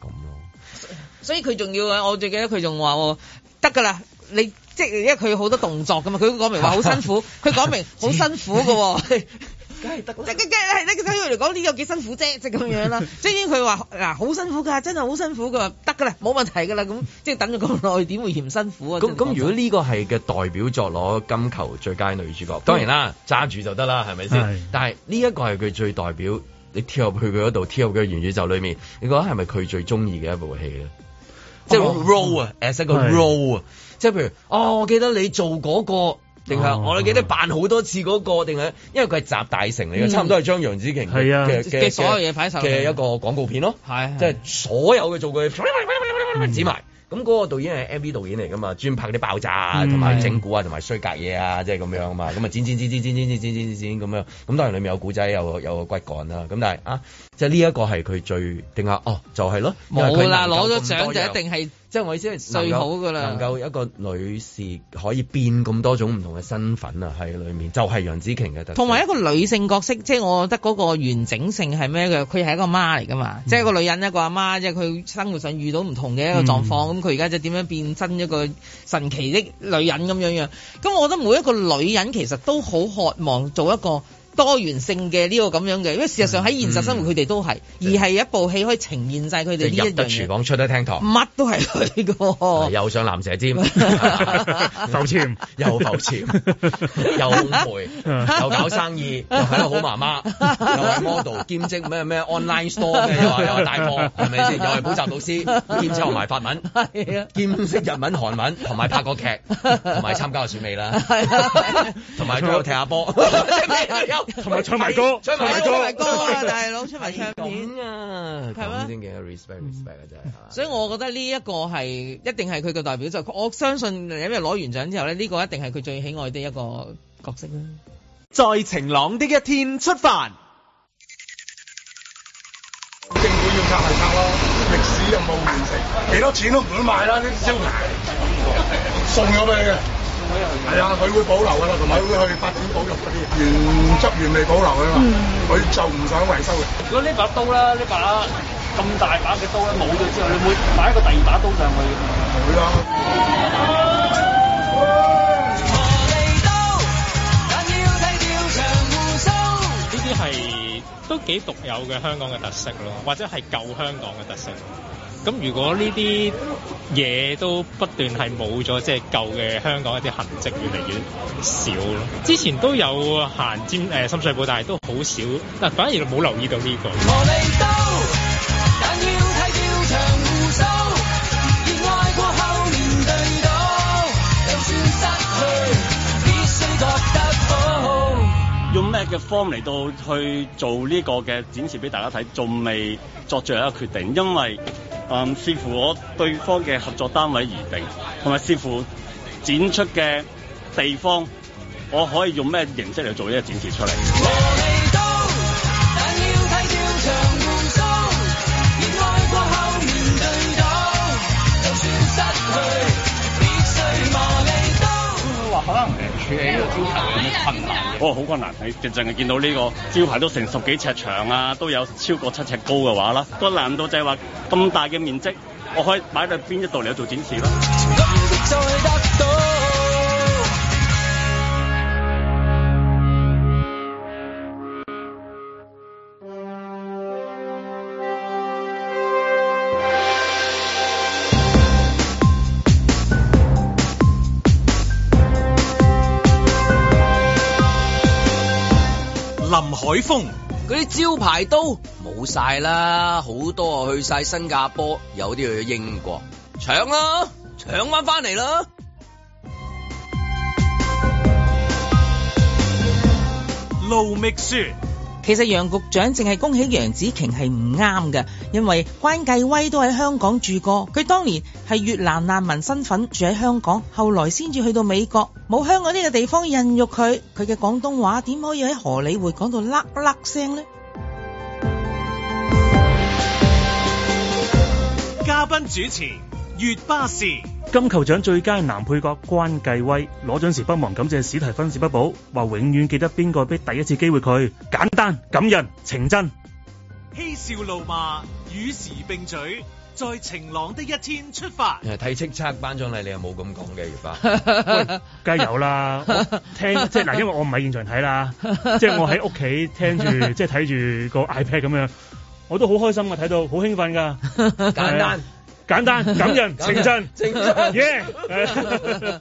咁咯。所以佢仲要啊！我最記得佢仲話：得噶啦，你即係因為佢好多動作噶嘛，佢 講明話好辛苦，佢 講明好辛苦噶。 真 梗係得，即係咧，即係，睇佢嚟講呢個幾辛苦啫，即係咁樣啦。雖然佢話嗱好辛苦噶，真係好辛苦噶，得噶啦，冇問題噶啦，咁即係等咗咁耐，點會嫌辛苦啊？咁咁、就是、如果呢個係嘅代表作攞金球最佳女主角，當然啦，揸住就得啦，係咪先？但係呢一個係佢最代表，你跳入去佢嗰度，跳入佢元宇宙裏面，你覺得係咪佢最中意嘅一部戲咧？即係 role 啊，as 一個 role 啊，即係譬如，哦，我記得你做嗰、那個。定係我哋記得扮好多次嗰、那個，定係因為佢係集大成嚟嘅、嗯，差唔多係將楊紫瓊嘅嘅所有嘢擺曬嘅一個廣告片咯，係即係所有嘅做嘅剪埋。咁嗰、嗯、個導演係 M V 導演嚟㗎嘛，專拍啲爆炸同埋整蠱啊，同埋衰格嘢啊，即係咁樣啊嘛。咁啊剪剪剪剪剪剪剪剪剪咁樣，咁當然刪刪刪 domestic, 刪刪裡面有古仔，有有骨幹啦。咁但係啊。即係呢一個係佢最定啊！哦，就係咯，冇啦，攞咗獎就一定係即係我意思係最好噶啦。能夠一個女士可以變咁多種唔同嘅身份啊，喺裏面就係楊紫瓊嘅同埋一個女性角色，即係我覺得嗰個完整性係咩嘅？佢係一個媽嚟噶嘛，嗯，即係一個女人一個阿媽，即係佢生活上遇到唔同嘅一個狀況。咁佢而家就點樣變身一個神奇的女人咁樣樣？咁我覺得每一個女人其實都好渴望做一個。多元性嘅呢個咁樣嘅，因為事實上喺現實生活佢哋都係、嗯嗯，而係一部戲可以呈現晒佢哋一樣嘢。就是、入得廚房出得廳堂，乜都係佢個。又上蚺蛇尖，浮 潛 又浮潛， 又陪 又搞生意， 又係好媽媽， 又係是 model 兼職咩咩 online store 嘅 大， 是不是 又話又係大波，係咪先？又係補習老師 兼職埋法文， 兼職日文、韓文同埋拍個劇，同 埋參加個選美啦，同埋都有踢下波。 同 埋唱埋歌，唱埋歌，歌啊大佬，出埋唱片啊，係咩？先嘅 respect，respect 啊真係。 所以我覺得呢一個係一定係佢嘅代表作，我相信因為攞完獎之後咧，呢個一定係佢最喜愛的一個角色啦。在晴朗的一天出發 。政府要拆咪拆咯，歷史又冇完成，幾多錢都唔會賣啦啲招牌，送咗俾佢。係啊，佢會保留噶啦，同埋會去發展保育嗰啲原汁原味保留噶嘛，佢就唔想維修嘅。如果呢把刀咧，呢把咁大把嘅刀咧，冇咗之後，你會擺個第二把刀上去？唔會啦。呢啲係都幾獨有嘅香港嘅特色咯，或者係舊香港嘅特色。咁如果呢啲嘢都不斷係冇咗，即係舊嘅香港一啲痕跡越嚟越少咯。之前都有行尖誒深水埗，但係都好少，但反而冇留意到呢個。方嚟到去做呢個嘅展示俾大家睇，仲未作最後一個決定，因為誒、嗯、視乎我對方嘅合作單位而定，同埋視乎展出嘅地方，我可以用咩形式嚟做呢個展示出嚟。可能誒處理呢個招牌有啲困難嘅，哦，好困難，你淨係見到呢個招牌都成十幾尺長啊，都有超過七尺高嘅話啦，個難度就係話咁大嘅面積，我可以擺到邊一度嚟做展示咯。林海峰，嗰啲招牌都冇晒啦，好多啊，去晒新加坡，有啲去英國，搶啦，啊，搶翻翻嚟啦，盧覓雪。其實楊局長淨係恭喜楊紫瓊係唔啱嘅，因為關繼威都喺香港住過，佢當年係越南難民身份住喺香港，後來先至去到美國，冇香港呢個地方孕育佢，佢嘅廣東話點可以喺荷里活講到甩甩聲呢？嘉賓主持：月巴氏。金球獎最佳男配角關繼威攞獎時不忘感謝史提芬史匹堡，話永遠記得邊個俾第一次機會佢，簡單感人情真。嬉笑怒罵與時並嘴，在晴朗的一天出發。睇叱咤頒獎禮你又冇咁講嘅，而家梗係有啦。聽。即係嗱，因為我唔喺現場睇啦，即係我喺屋企聽住，即係睇住個 iPad 咁樣，我都好開心啊！睇到好興奮噶，簡單。簡單感人，情真，耶！講、yeah, yeah,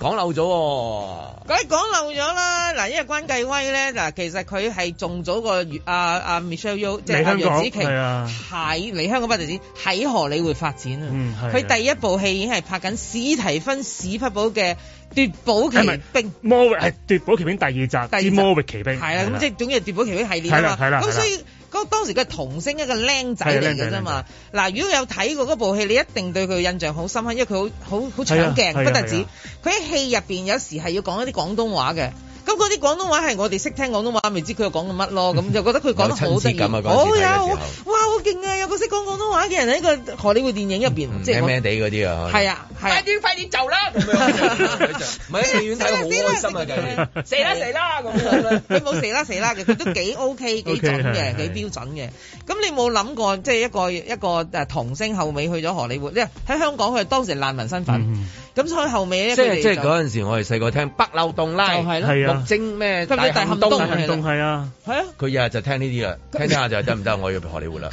嗯、漏咗，梗係講漏咗啦。嗱，因為關繼威咧，嗱，其實佢係仲早過阿阿 Michelle Yeoh 即係阿楊紫瓊喺嚟香港,香港不特止發展，喺荷里活發展啊？係。佢第一部戲已經係拍緊史提芬史匹堡嘅《奪寶奇兵魔域係《奪寶奇兵》魔奇兵第二集，第二魔域奇兵，係啦，咁即係總之《奪寶奇兵》系列啦。係啦，係啦，咁所以。嗰當時佢係童星一個僆仔嚟㗎啫嘛，嗱，如果有睇過嗰部戲，你一定對佢印象好深刻，因為佢好好好搶鏡，啊啊、不得止，佢喺、啊、戲入邊有時係要講一啲廣東話嘅。咁嗰啲廣東話係我哋識聽廣東話，未知佢又講緊乜咯？咁就覺得佢講得好得意。我有、哦、哇，好勁啊！Müller, 有個識講廣東話嘅人喺個荷里活電影入邊，係咩地嗰啲啊？係、嗯哎、啊，快啲快啲就啦！唔係戲院係好開心啦、啊、死，死，死，死啦咁啦，佢 冇死，啦 死，死、那個、 死啦死啦佢都幾 OK 幾準嘅，okay，幾標準嘅。咁你冇諗過，即係一個一個誒童星後尾去咗荷里活，喺香港佢當時係難民身份。咁所以後尾咧，即係即係嗰陣時,我時，我哋細個聽北漏洞啦，係、就是、啊，目精咩大冧洞啊，大冧洞係啊，係啊，佢日日就聽呢啲啊，聽下就得唔得？我要荷里活啦。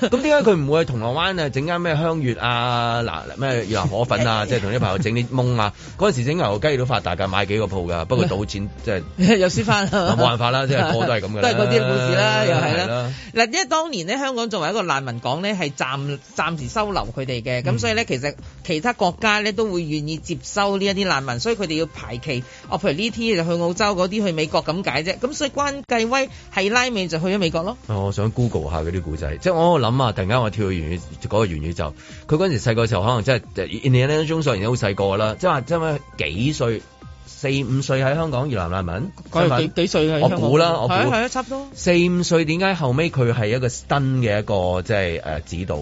咁點解佢唔會去銅鑼灣啊？整間咩香月啊？嗱咩羊河粉啊？即 係同啲朋友整啲燜啊！嗰 陣時整牛雞都發達噶，買幾個鋪噶。不過賭錢即、就、係、是、 又輸翻回，冇 辦法啦，即、就、係、是、個都係咁噶都係嗰啲故事啦，又係啦。嗱、啊啊，因為當年呢，香港作為一個難民港呢，係暫暫時收留佢哋嘅，咁、嗯、所以呢，其實其他國家呢，都會願意。而接收呢一啲難民，所以佢哋要排期。哦，譬如呢啲就去澳洲，嗰啲去美國咁解啫。咁所以關繼威係拉尾就去咗美國咯。我想 Google 下嗰啲古仔，即係我喺諗啊！突然間我跳去元宇，講、個元宇宙。佢嗰陣時細個時候可能真、就、係、是，就你咧中上年好細個啦，即係話即係幾歲？四五歲喺香港越南難民，佢幾我估啦，我估係啊，差唔多四五歲。點解後尾佢係一個新嘅一個即係誒指導？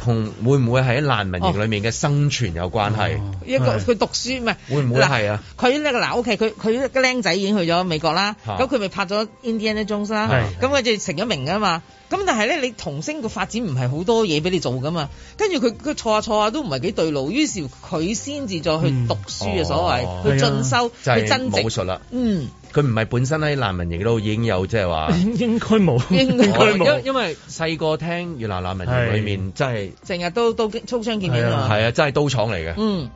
同會唔會喺難民營裏面嘅生存有關係？一、哦、佢、哦哦、讀書唔係會唔會係啊？佢咧嗱屋企，佢佢個僆仔已經去咗美國啦。咁佢咪拍咗 Indiana Jones 啦？咁佢、啊、就成咗名啊嘛。咁但係咧，你童星個發展唔係好多嘢俾你做噶嘛？跟住佢佢錯下錯下都唔係幾對路，於是佢先至再去讀書嘅所謂去、嗯哦、進修去、啊就是、增值。藝術啦，嗯。佢唔係本身喺難民營都已經有，即係話應該冇， 應該冇。因因為細個聽越南難民營裏面真係，成日都都粗聲見面係啊，係啊，係啊，真係刀廠嚟嘅、嗯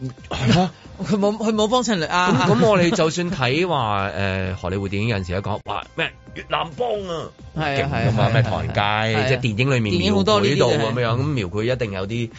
嗯啊。嗯，係啊，佢冇佢冇幫襯啊。咁我哋就算睇話誒荷里活電影有陣時一講哇咩越南幫啊，勁㗎嘛咩唐人街，即係、啊啊就是、電影裏面描呢度咁樣咁描繪一定有啲。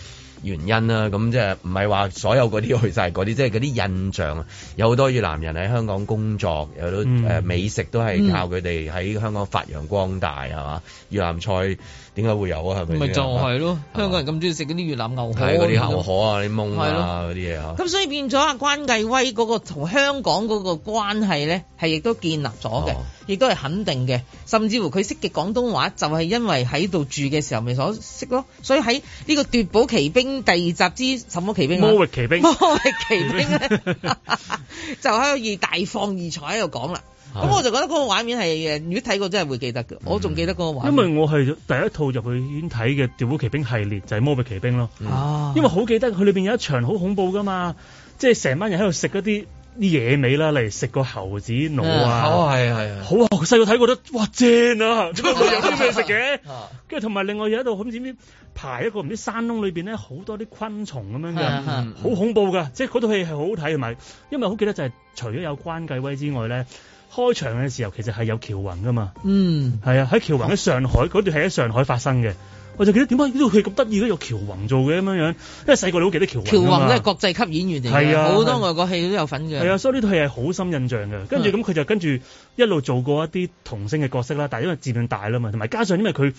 原因啦、啊，咁即係唔係話所有嗰啲去曬嗰啲，即係嗰啲印象啊，有好多越南人喺香港工作，有好多誒美食都係靠佢哋喺香港發揚光大，係嘛？越南菜。點解會有啊？係咪？咪就係、是、咯！香港人咁中意食嗰啲越南牛河啊，嗰啲牛河啊，啲檬啊，嗰啲嘢啊！咁所以變咗啊，關繼威嗰個同香港嗰個關係咧，係亦都建立咗嘅，哦、亦都係肯定嘅。甚至乎佢識嘅廣東話就係、是、因為喺度住嘅時候咪所識咯。所以喺呢個奪寶奇兵第二集之什麼奇兵、啊？魔域奇兵。魔域奇兵咧， 就可以大放異彩喺度講啦。咁我就覺得嗰個畫面係誒，如果睇過真係會記得嘅。我仲記得嗰個畫面、嗯，因為我係第一套入去先睇嘅《調虎奇兵》系列，就係、是《魔域奇兵》咯、嗯啊。因為好記得佢裏邊有一場好恐怖噶嘛，即係成班人喺度食嗰啲啲野味啦，例如食個猴子腦、嗯嗯、啊。哦，係好細個睇過都哇正啊！點解會有啲咩食嘅？跟住同埋另外有一度好似唔知排一個唔知山窿裏邊咧，好多啲昆蟲咁樣嘅，好、啊、恐怖嘅、啊嗯。即係嗰套戲係好好睇，同埋因為好記得就係除咗有關繼威之外咧。開場嘅時候其實係有喬宏㗎嘛，嗯，係啊，喺喬宏喺上海嗰、哦、段係喺上海發生嘅，我就記得點解呢套戲咁得意都有喬宏做嘅咁樣樣，因為細個你好記得喬宏啊嘛，喬宏都係國際級演員嚟嘅，好、啊、多外國戲都有份嘅，係啊，啊，所以呢套戲係好深印象嘅。跟住咁佢就跟住一路做過一啲童星嘅角色啦，但係因為漸變大啦嘛，同埋加上因為佢。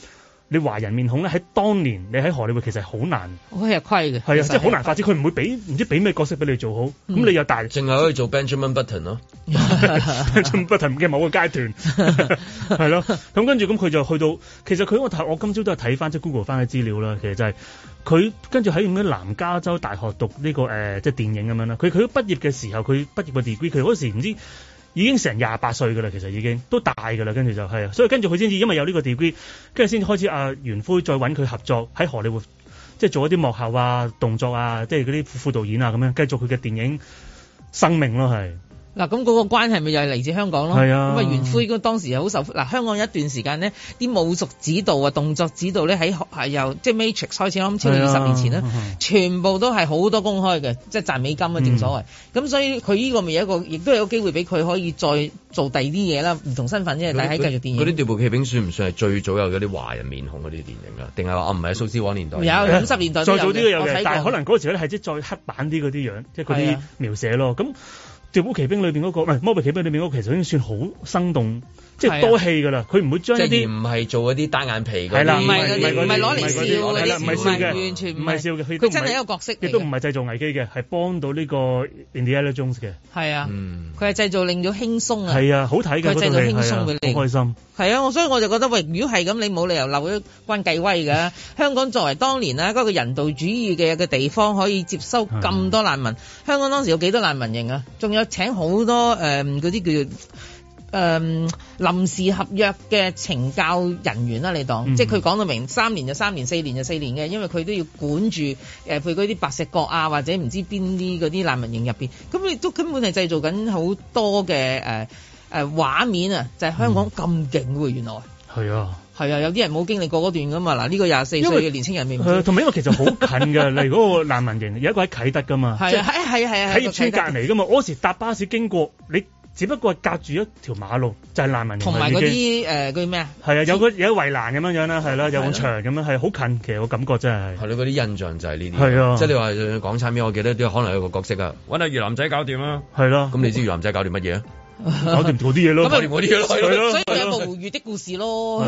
你華人面孔咧喺當年，你喺荷里活其實好難，好食虧嘅，係啊，即係好難發展。佢唔會俾唔知俾咩角色俾你做好，咁、嗯、你又大，淨係可以做 Benjamin Button 咯、哦、 ，Benjamin Button 嘅某個階段，係 咯。 咁跟住咁佢就去到，其實佢我睇我今朝都係睇翻即係 Google 翻嘅資料啦。其實就係佢跟住喺咁嘅南加州大學讀呢、這個誒即係電影咁樣啦。佢佢畢業嘅時候，佢畢業嘅 degree 佢嗰時唔知道。已經成廿八歲㗎啦，其實已經都大㗎啦，跟住就係，所以跟住佢先至，因為有呢個 degree，跟住先開始阿、啊、袁灰再揾佢合作喺荷里活，即係做一啲幕後啊動作啊，即係嗰啲副導演啊咁樣，繼續佢嘅電影生命咯，係。嗱咁嗰個關係咪又係嚟自香港咯，咁啊袁灰哥當時又好受嗱、啊、香港有一段時間呢啲武術指導啊動作指導咧喺係由即係 Matrix 開始咯，咁超過二十年前啦、啊，全部都係好多公開嘅，即係賺美金啊正所謂。咁、嗯、所以佢呢個咪有一個，亦都有機會俾佢可以再做第二啲嘢啦，唔同身份即但係喺繼續電影。嗰啲奪寶奇兵算唔算係最早有嗰啲華人面孔嗰啲電影啊？定係話我唔係蘇絲黃年代有五十年代，再早啲都有嘅，但係可能嗰時咧係即係再刻板啲嗰啲樣，即係嗰啲描寫咯。咁《特工奇兵》裏邊嗰、那個，唔係《魔兵奇兵》裏邊嗰個，其實已經算好生動。即係多戲㗎啦，佢唔會將啲唔係做嗰啲單眼皮嘅，嗰啲、啊，唔係嗰啲，唔係攞嚟笑嗰啲，完全唔係笑嘅。佢真係一個角色，亦都唔係製造危機嘅，係幫到呢個《Indiana Jones》嘅。係啊，佢係、啊嗯、製造令到輕鬆啊。係啊，好睇嘅製造輕鬆係啊，好開心。係啊，我所以我就覺得喂，如果係咁，你冇理由留咗關繼威㗎、啊。 香港作為當年啊，嗰、那個人道主義嘅嘅地方，可以接收咁多難民、嗯。香港當時有幾多難民營啊？仲有請好多誒嗰啲叫做。誒、嗯、臨時合約嘅懲教人員啦、啊，你當，嗯、即係佢講到明三年就三年，四年就四年嘅，因為佢都要管住誒，譬、呃、如嗰啲白石角啊，或者唔知邊啲嗰啲難民營入面。咁你都根本係製造緊好多嘅誒誒畫面啊！就係、是、香港咁勁喎，原來係啊，係啊，有啲人冇經歷過嗰段噶嘛。嗱，呢個廿四歲嘅年青人未？同、呃、埋因為其實好近噶，例如 嗰個難民營有一個喺啟德噶嘛，即係係係啊，啟業村隔離噶嘛。我嗰時搭巴士經過你。只不過係隔住一條馬路就係、是、難民，同埋嗰啲誒，嗰啲咩啊？係、呃、啊，有個有圍欄咁樣樣啦，係啦，有個牆咁樣，係好近，其實我感覺真係係你嗰啲印象就係呢啲，即係你話講港產片？我記得都有可能有個角色啊，揾阿越南仔搞掂啦，係咯，咁你知越南仔搞掂乜嘢啊？ 搞掂我啲嘢咯，搞掂我啲嘢咯 我， 所以有胡越的故事咯，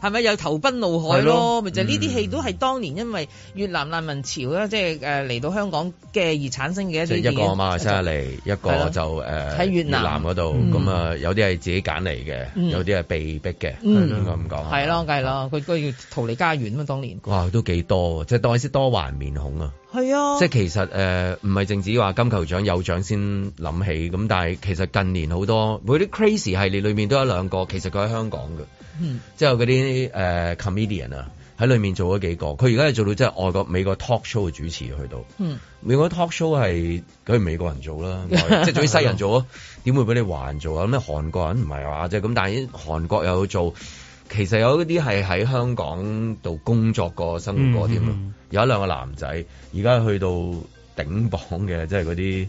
係咪又投奔怒海咯？咪就呢、係、啲戲都係當年因為越南難民潮啦，即係誒嚟到香港嘅而產生嘅一啲。即係一個馬來西亞嚟，一個就誒喺、啊、越南嗰度。咁、嗯、啊、嗯，有啲係自己揀嚟嘅，有啲係被逼嘅。咁講係咯，梗係咯，佢佢要逃離家園啊嘛，當年。哇，都幾多，即係多一些多環面孔啊！係啊，即係其實誒，唔係淨止話金球獎有獎先諗起，咁但係其。其實近年好多每啲 crazy 系列裏面都有一兩個，其實佢喺香港嘅，嗯，即係嗰啲誒 comedian 啊喺裏面做咗幾個，佢而家係做到即係外國美國 talk show 嘅主持去到，嗯，美國 talk show 係佢啲美國人做啦， 即係仲有啲西人做，點 會俾你華人做啊？咩韓國人唔係話即係咁但係韓國有做，其實有嗰啲係喺香港度工作過、生活過添咯，嗯、有兩個男仔而家去到頂榜嘅，即係嗰啲。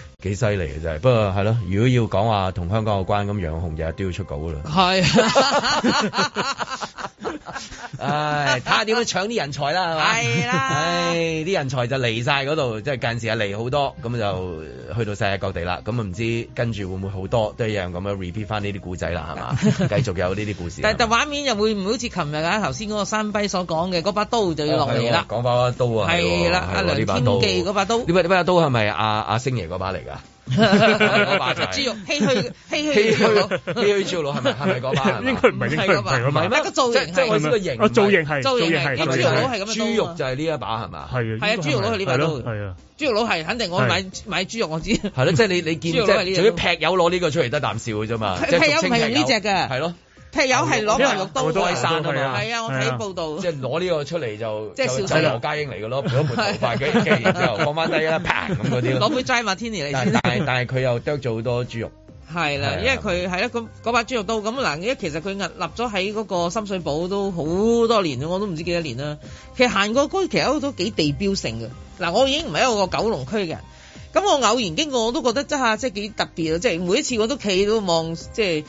幾犀利嘅真係，不過係咯，如果要講話同香港有關咁，楊雄日日都要出稿噶啦。係，唉，睇下點樣搶啲人才啦，係咪？係、啊、唉，啲人才就嚟晒嗰度，即係近時啊嚟好多，咁就去到世界各地啦。咁啊唔知跟住會唔會好多都一樣咁樣 repeat 翻呢啲故仔啦，係嘛？繼續有呢啲故事。 但但畫面又會唔會好似琴日啊頭先嗰個山碑所講嘅嗰把刀就要落嚟啦？講、哎、把刀啊，係啦，阿梁天記嗰把刀。呢把呢把刀係咪阿阿星爺嗰把嚟㗎？ 那把就是豬肉，唏 噓，唏噓，唏 噓，唏噓豬肉佬係咪？係咪嗰把？應該唔係，應該係嗰把唔係 係？唔係咩？個造型係， 即係我先個形，個造型係，造型係，啲豬肉佬係咁樣刀。豬肉就係呢一把係嘛？係啊，係啊，豬肉佬係呢把刀。係啊，豬肉佬係肯定我買買豬肉我知。係咯，即係你你見即係，最多劈友攞呢個出嚟得啖笑嘅啫嘛。劈友係用呢隻嘅，係咯。劈友有係攞埋肉刀在身啊嘛，係啊，我睇報道，即係攞呢個出嚟就即、啊、就羅家英嚟嘅咯，攞盤、啊啊、然之後放翻低啦，啪咁啲，攞杯齋 m 天尼嚟先。但係佢又啄咗好多豬肉。係啦、啊啊，因為佢係啦，咁、啊、把豬肉刀咁嗱，因為其實佢立立咗喺嗰個深水埗都好多年啦，我都唔知幾多年啦。其實行過嗰其實都幾地標性嘅。嗱，我已經唔係一個九龍區嘅人，咁我偶然經過我都覺得真係即係幾特別啊！即係每一次我都企到望即係。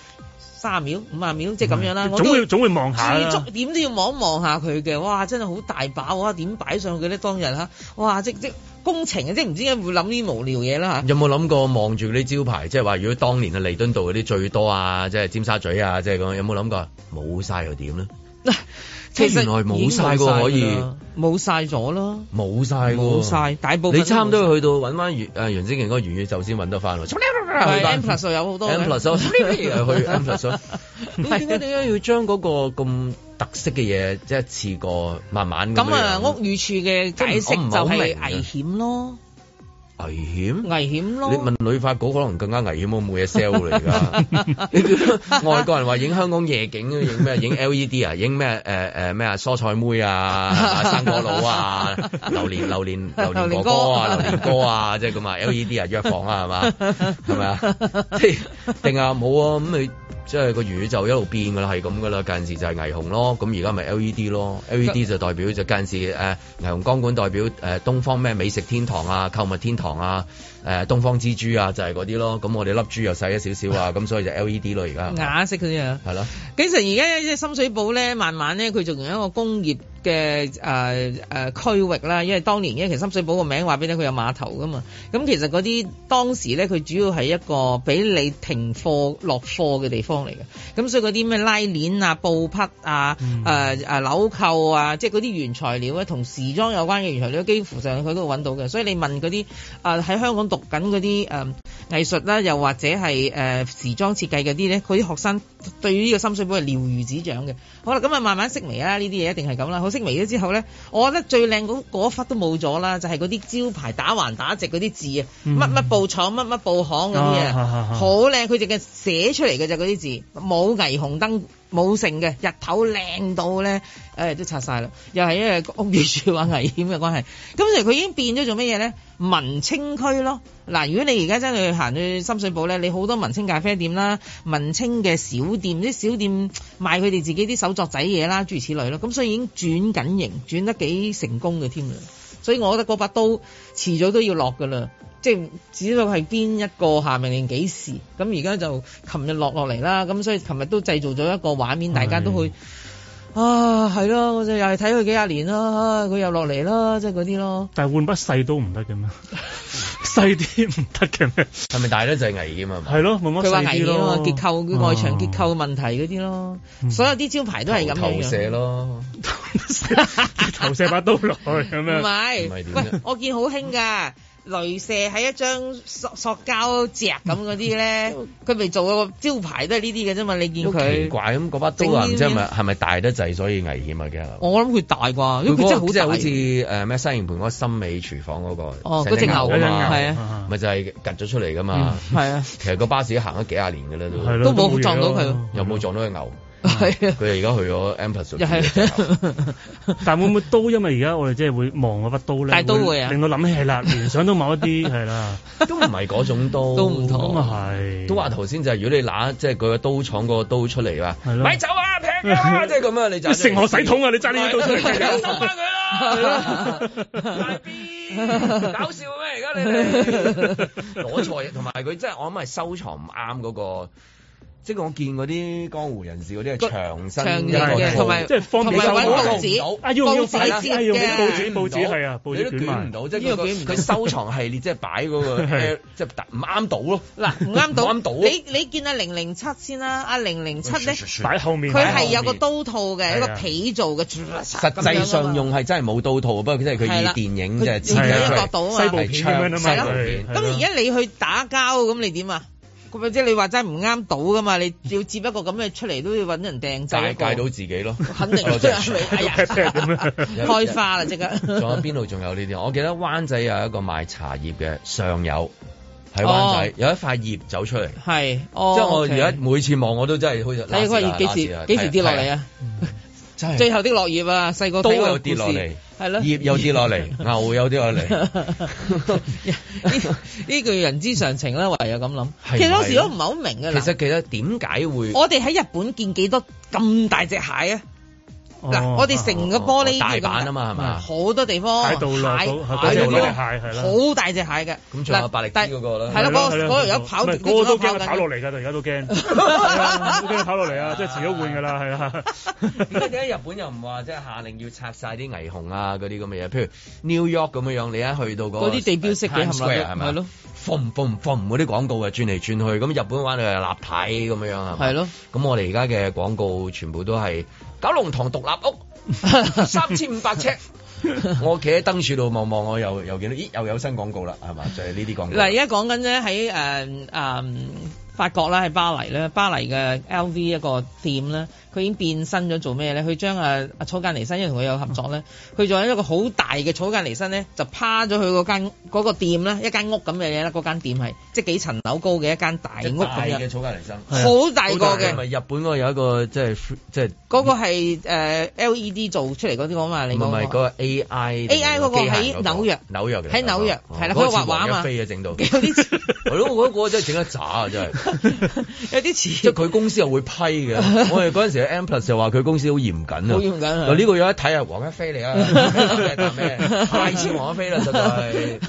卅秒五啊秒即係咁樣啦，總會總會望下啦。點都要望望下佢嘅，哇！真係好大把，哇！點擺上去嘅咧？當日吓，哇！即即工程啊，即係唔知點解會諗啲無聊嘢啦。有冇諗過望住啲招牌，即係話如果當年嘅彌敦道嗰啲最多啊，即係尖沙咀啊，即係咁，有冇諗過冇晒又點咧？ 其實冇晒可以曬，冇晒咗咯，冇晒，冇晒，大部分你差唔多去到揾翻、呃、袁啊楊子健嗰個元宇宙先揾得翻，去 a m 有好多 m 去 m 咁點解點解要將嗰個咁特色嘅嘢即係一次過慢慢咁？咁啊，屋宇署嘅解釋就係危險咯。危險，危險咯！你問女發稿可能更加危險，我冇嘢 sell 嚟噶。外國人話影香港夜景，影咩？影 LED 啊，影咩？誒誒咩啊？蔬菜妹啊，生果佬啊， 榴蓮榴蓮榴蓮哥哥啊，榴蓮哥啊，即係咁啊 ！LED 啊，藥房啊，係嘛？係 咪 啊？即係定啊冇啊？咁你。即係個魚就一路變㗎啦，係咁㗎啦，間時就係霓虹咯，咁而家咪 L E D 咯，L E D 就代表就間時誒、啊、霓虹光管代表誒、啊、東方咩美食天堂啊，購物天堂啊。誒東方之珠啊，就係嗰啲咯。咁我哋粒珠又細一少少啊，咁所以就 LED 咯，而家。瓦色嗰啲啊，係咯。其實而家即係深水埗咧，慢慢咧佢仲有一個工業嘅誒誒區域啦。因為當年因為其實深水埗個名話俾你聽，佢有碼頭噶嘛。咁其實嗰啲當時咧，佢主要係一個俾你停貨落貨嘅地方嚟嘅。咁所以嗰啲咩拉鏈啊、布匹啊、誒、呃、紐扣啊，嗯、即嗰啲原材料咧，同時裝有關嘅原材料幾乎上佢都揾到嘅。所以你問嗰啲啊喺香港。讀緊嗰啲誒藝術啦，又或者係誒、呃、時裝設計嗰啲咧，佢啲學生。對於呢個深水埗係了如指掌嘅，好啦，咁啊慢慢式微啦，呢啲嘢一定係咁啦。好，式微咗之後咧，我覺得最靚嗰一忽都冇咗啦，就係嗰啲招牌打橫打直嗰啲字啊，乜乜布廠，乜乜布行咁嘢，好、哦、靚，佢淨係寫出嚟嘅就嗰啲字，冇霓虹燈，冇成嘅，日頭靚到咧，誒、哎、都拆晒啦，又係因為屋住處話危險嘅關係。咁其實佢已經變咗做乜嘢咧？文青區咯，嗱，如果你而家真係去行去深水埗咧，你好多文青咖啡店啦，文青嘅小。小店啲小店賣佢哋自己啲手作仔嘢啦，諸如此類啦，咁所以已經轉緊型，轉得幾成功嘅添啊。所以我覺得個把刀遲早都要落㗎啦。即係只不過係邊一個，下明年幾時咁，而家就琴日落落嚟啦。咁所以琴日都製造咗一個畫面，大家都去。啊，係咯，我就又係睇佢幾廿年啦，佢又落嚟啦，即係嗰啲咯。但係換筆細都唔得嘅咩？ 細啲唔得嘅咩？係咪？大咧就係危險啊！係咯，佢話危險啊嘛，結構外牆結構問題嗰啲咯，所有啲招牌都係咁樣樣。投射咯，投 射把刀落去咁樣。唔 係，喂，我見好興㗎。鐳射喺一張塑膠隻咁嗰啲咧，佢 咪做個招牌都係呢啲嘅啫嘛，你見佢奇怪咁嗰把刀唔知啫咪係咪大得滯所以危險啊？驚我諗佢大啩，因為佢真係好似誒咩西營盤嗰個森美廚房嗰個哦，嗰隻牛啊嘛，係啊，咪就係趌咗出嚟噶嘛，係啊，其實個巴士行咗幾廿年噶啦 都，冇撞到佢，又冇、啊、撞到隻牛。 係、嗯，佢哋而家去咗 a m p 但會唔會刀，因為而家我哋即係會望嗰把刀咧，但都會啊，會令我諗起啦，聯想到某一啲係啦， 都唔係嗰種刀，都唔同、啊，係都話頭先就係如果你拿即係佢個刀廠嗰個刀出嚟啊，係咯，咪走啊，劈啊，即係咁啊， 就是這樣 你就成何洗桶啊？ 你揸呢刀出嚟，收翻佢咯，搞笑咩 ？而家你攞錯，同埋佢即係我諗係收藏唔啱嗰個。即係我見嗰啲江湖人士嗰啲係長身一個，同埋即係方便收報紙。啊，要用啲報紙，報紙，報紙係啊，報紙捲唔到，即係佢收藏系列， 即係擺嗰個，即係唔啱到囉，嗱，唔啱到，唔啱到。你你見阿零零七先啦、啊，阿零零七咧，擺 後面，佢係有個刀套嘅，一個皮做嘅。實際上用係真係冇刀套，不過佢真係佢以電影嘅視覺一個刀啊嘛，係長。咁而家你去打交，咁你點啊？咁即係你話齋唔啱到噶嘛？你要接一個咁嘅出嚟都要搵人訂製，界 到自己咯， 我肯定 開花啦！即刻。 仲有邊度仲有呢啲？我記得灣仔有一個賣茶葉嘅上游，喺灣仔、哦，有一塊葉走出嚟，係、哦、即係我而家每次望我都真係好似。嗰個葉幾時幾時跌落嚟啊？嗯最後啲落葉啊！細個都有跌落嚟，係咯，葉有跌落嚟，牛 有啲落嚟。呢 呢 句人之常情啦，唯有咁諗。其實有時都唔係好明嘅。其實其實點解會？我哋喺日本見幾多咁大隻蟹啊？嗱、哦，我哋成個玻璃、哦哦、大板啊嘛，係咪？好多地方蟹蟹，好大隻蟹嘅。嗱、啊，百力堅嗰個啦，係咯，嗰個有跑，跑，嗰個都驚 跑落嚟㗎，而家都驚。係啦，驚跑落嚟啊！即係遲早換㗎啦，係啦。咁點解日本又唔話即係下令要拆晒啲霓虹啊嗰啲咁嘅嘢？譬如 New York 咁樣你一去到個 Times Square 係咪啲廣告啊，轉嚟轉去咁。日本玩立體咁樣係咯。咁我哋而家嘅廣告全部都係九龍塘獨立屋三千五百尺。 我企喺燈柱度望望，我又又見到咦，又有新廣告啦，係嘛？就係呢啲廣告。嗱，而家講緊咧喺誒誒法國啦，喺巴黎咧，巴黎嘅 LV 一個店咧，佢已經變身咗做咩咧？佢將阿阿、啊、草間彌生，因為同佢有合作咧，佢做咗一個好大嘅草間彌生咧，就趴咗佢嗰間店咧，嗰個店嗰個、店一間屋咁嘅嘢啦，嗰間店係。即係幾層樓高嘅一間大屋，草間彌生好大個嘅。係日本嗰個有一個即係即係嗰個係誒、呃、LED 做出嚟嗰啲啊嘛？你唔係嗰個、那個、AI AI 嗰、那個喺、那個、紐約，紐約嘅喺、那個、紐約係啦，佢、那個、畫畫飛嘅整到有啲，係 咯，我覺得嗰個真係整得渣啊，真係有啲似。 即係佢公司又會批嘅。 我哋嗰陣時嘅 M Plus 就話佢公司好嚴謹啊，好嚴謹又呢個有一睇係黃一飛嚟啊，咩？ 太似 黃一飛啦、就是，實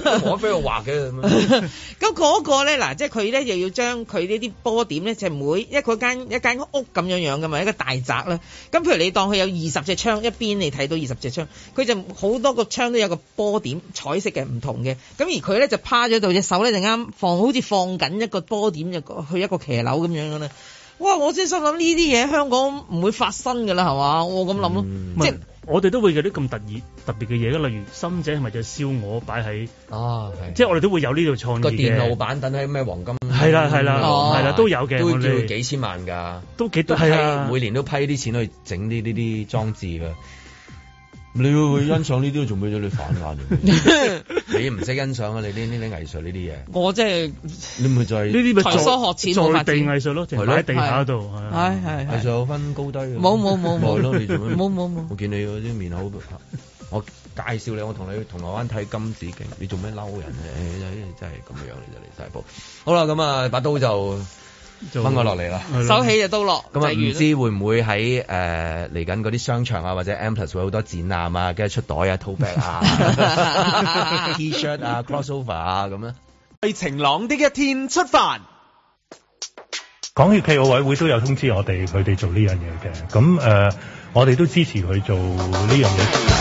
在黃一飛我畫嘅咁。咁 嗰、那個。嗱、啊，即係佢咧又要將佢呢啲波點咧就係每，因為嗰間一間屋咁樣樣噶嘛，一個大宅啦。咁譬如你當佢有二十隻窗一邊，你睇到二十隻窗，佢就好多個窗都有個波點，彩色嘅唔同嘅。咁而佢咧就趴咗度，隻手咧就啱放，好似放緊一個波點就去一個騎樓咁樣噶啦。哇！我先心諗呢啲嘢香港唔會發生噶啦，係嘛？我咁諗咯，即係。嗯 我哋都會有啲咁特別特別嘅嘢，例如深井係咪就燒鵝擺喺，哦，即係我哋都會有呢度創意嘅電路板等喺咩黃金，係啦係啦係啦，都有嘅，都會叫幾千萬噶，都幾多批，每年都批啲錢去整啲呢啲裝置㗎。你會唔會欣賞呢啲？仲俾咗你反眼？你唔識欣賞啊！你呢呢啲藝術呢啲嘢，我即、就、係、是、你咪就係呢啲咪初初學起步發展咯，就喺地藝術咯，就喺地底度。係係係藝術有分高低嘅，冇冇冇冇冇冇冇。沒沒沒，我見你啲面口，我介紹你，我跟你同你去銅鑼灣睇金子敬，你做咩嬲人咧？哎、真係咁樣你就嚟晒步。好啦，咁啊你把刀就翻過落嚟啦，手起就刀落。咁啊，唔知會唔會喺誒嚟緊嗰啲商場啊，或者 M+ 會好多展覽啊，跟住出袋啊， tote bag 啊 ，T 恤 -shirt 啊 ，Crossover 啊咁啊。喺晴朗的一天出發。港協暨奧委會都有通知我哋，佢哋做呢樣嘢嘅。咁誒、呃，我哋都支持佢做呢樣嘢。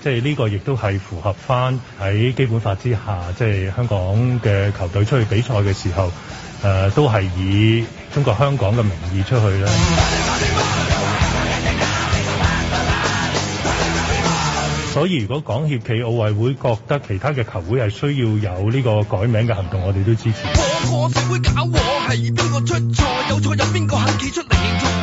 即係呢個亦都係符合翻喺基本法之下，即係香港嘅球隊出去比賽嘅時候，誒、呃、都係以中國香港嘅名義出去啦、嗯。所以如果港協暨奧委會覺得其他嘅球會係需要有呢個改名嘅行動，我哋都支持。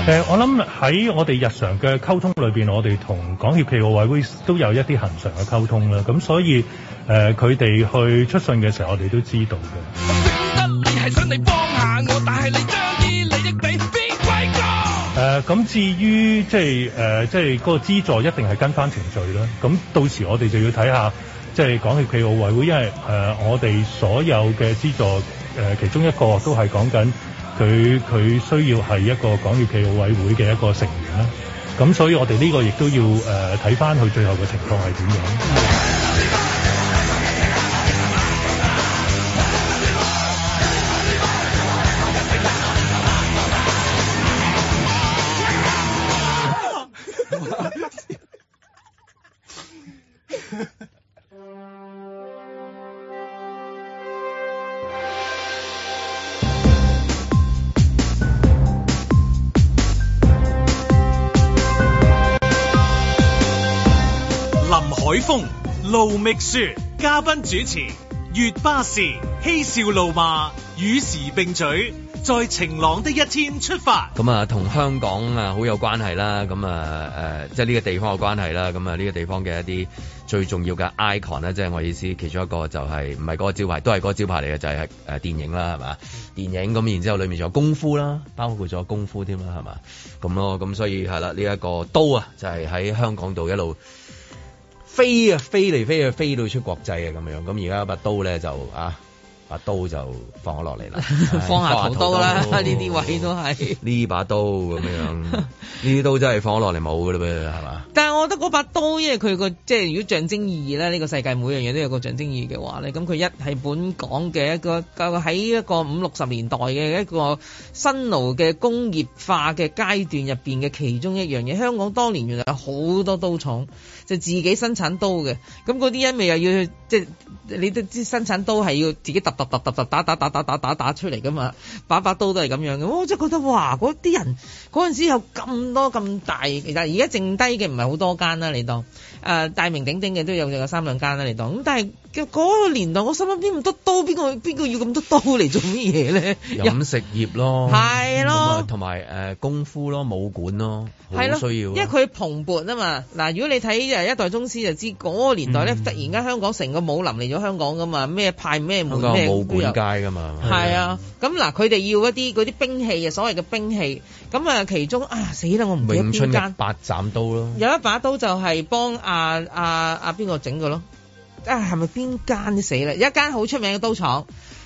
誒、呃，我諗喺我哋日常嘅溝通裏邊，我哋同港協暨奧委會都有一啲恒常嘅溝通啦。咁所以誒，佢、呃、哋去出信嘅時候，我哋都知道嘅。誒咁，呃、那至於即係誒，即係嗰個資助一定係跟返程序啦。咁到時我哋就要睇下，即、就、係、是、港協暨奧委會，因為誒、呃、我哋所有嘅資助誒、呃，其中一個都係講緊。佢佢需要係一個港協暨奧委會嘅一個成員啦，咁所以我哋呢個亦都要誒睇翻佢最後嘅情況係點樣。胡覓說：嘉賓主持，月巴士嬉笑怒罵，與時並舉，在晴朗的一天出發。咁啊，同香港啊好有關係啦。咁啊，誒、呃，即係呢個地方有關係啦。咁啊，呢、這個地方嘅一啲最重要嘅 icon 咧，即係我意思，其中一個就係唔係嗰個招牌，都係嗰個招牌嚟嘅，就係、是、誒電影啦，係嘛、嗯，電影咁，然之後裏面仲有功夫啦，包括咗功夫添啦，係嘛，咁咯，咁所以係啦，呢一、這個刀啊，就係喺香港度一路。飛啊，飛嚟飛去，啊，飛到出國際啊，咁樣，咁而家有把刀咧就啊。把刀就放咗落嚟啦，放下屠刀，刀、哎、刀，刀，刀啦！呢啲位置都係呢把刀咁樣，呢 啲刀真係放咗落嚟冇嘅啦，咩係嘛？但係我覺得嗰把刀，因為佢個即係如果象徵意義咧，呢、這個世界每樣嘢，都有個象徵意義嘅話咧，咁佢一係本港嘅一個個喺一個五六十年代嘅一個新勞嘅工業化嘅階段入邊嘅其中一樣嘢。香港當年原來有好多刀廠就自己生產刀嘅，咁嗰啲人咪又要即係你都知生產刀係要自己揼。突突突打打打打打打打，打出嚟噶嘛，把把刀都係咁樣嘅，我真係覺得哇，嗰啲人嗰陣時候有咁多咁大，其實而家剩低嘅唔係好多間啦，啊，你當誒、呃、大名鼎鼎嘅都有有三兩間啦，啊，你當咁但係。嘅、那個年代，我心諗邊有咁多刀，邊個邊個要咁多刀嚟做乜嘢咧？飲食業咯，係咯，同埋誒功夫咯，武館咯，係咯，需要，因為佢蓬勃啊嘛。嗱，如果你睇一代宗師就知嗰、那個年代咧、嗯，突然間香港成個武林嚟咗香港噶嘛，咩派咩門咩武館街噶嘛。係啊，咁嗱，佢哋要一啲嗰啲兵器啊，所謂嘅兵器，咁啊，其中啊，死啦，我唔記得出八斬刀咯，有一把刀就係幫阿阿阿邊個整嘅咯。啊，係咪邊間死啦？一間好出名嘅刀廠。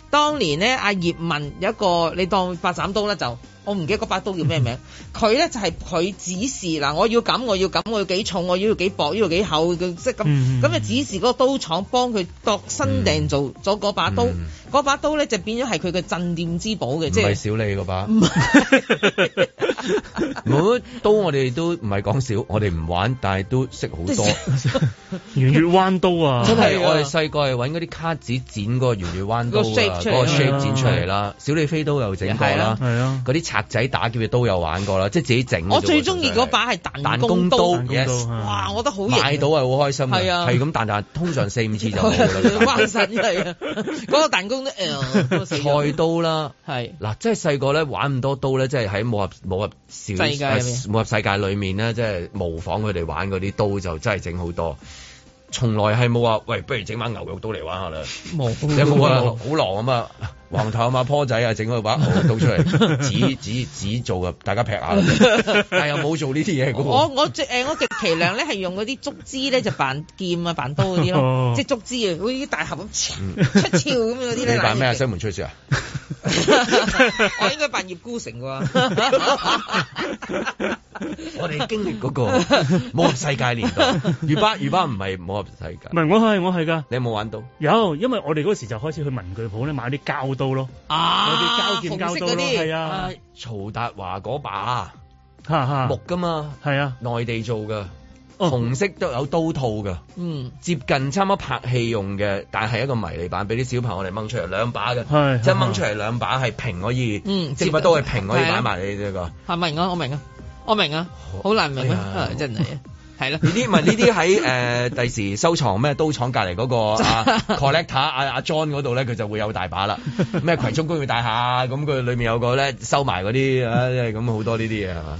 當年咧，阿、啊、葉問有一個你當八斬刀咧就。我唔記得嗰把刀叫咩名，佢、嗯、咧就係、是、佢指示嗱，我要咁，我要咁，我要幾重，我要幾薄，要幾厚，厚，即咁咁、嗯、就指示嗰個刀廠幫佢度身訂做咗嗰把刀。嗰、嗯、把刀咧就變咗係佢嘅鎮店之寶嘅，即係小李嗰把。唔係，冇刀我哋都唔係講笑，我哋唔玩，但係都識好多。圓月彎刀啊！真 係、 就是 就是、 我哋細個係搵嗰啲卡紙剪嗰個圓月彎刀 個出啊，嗰個 shape 剪出嚟啦，小李飛刀又整過啦，啲、啊。格仔打劫嘅都有玩過啦，即係自己整。我最中意嗰把係彈彈弓刀，彈弓刀，彈弓刀、yes，哇！我覺得好型，打到係好開心啊！係咁彈彈，通常四五次就好。屈臣係啊，嗰 個彈弓誒、呃，菜刀啦，係嗱，即係細個咧玩咁多刀咧，即係喺武俠武俠界，啊、武俠世界裏面咧，即係模仿佢哋玩嗰啲刀就真係整好多。從來係冇話喂，不如整把牛肉刀嚟玩下啦。冇 有，有冇玩好狼咁啊？橫頭啊嘛，坡仔啊，整個把、哦、刀出嚟，紙紙紙做啊，大家劈下， 但又冇做呢啲嘢。我我誒，我極其量咧係用嗰啲竹枝咧，就扮劍啊，扮刀嗰啲咯， 即係竹枝啊，好似大俠咁、嗯、出鞘咁樣嗰啲咧。你扮咩啊？西 門吹雪啊？ 我應該扮葉孤城喎、啊 那個。我哋經歷嗰個武俠世界年代，如巴如巴唔係武俠世界。唔 係我係我係噶。你有冇玩到？有，因為我哋嗰時就開始去文具鋪咧買啲膠刀、啊、咯，嗰啲膠劍膠刀咯，係啊，曹達華嗰把，木噶嘛，係啊，內地做噶、哦，紅色都有刀套噶，嗯，接近差唔多拍戲用嘅，但係一個迷你版，俾啲小朋友嚟掹出嚟兩把嘅、啊，即係掹出嚟兩把係平可以，嗯，接把刀係平可以擺埋、啊、你呢、這個，係、啊、明啊，我明啊，我明啊，好難明、哎、啊，真係啊。 係 咯，呢啲唔係呢啲喺誒第時收藏咩刀廠隔籬嗰個啊 collector 阿、啊、阿、啊、John 嗰度咧，佢就會有大把啦。咩葵涌公園大廈咁佢裏面有個咧收埋嗰啲啊，即係咁 好多呢啲嘢係嘛。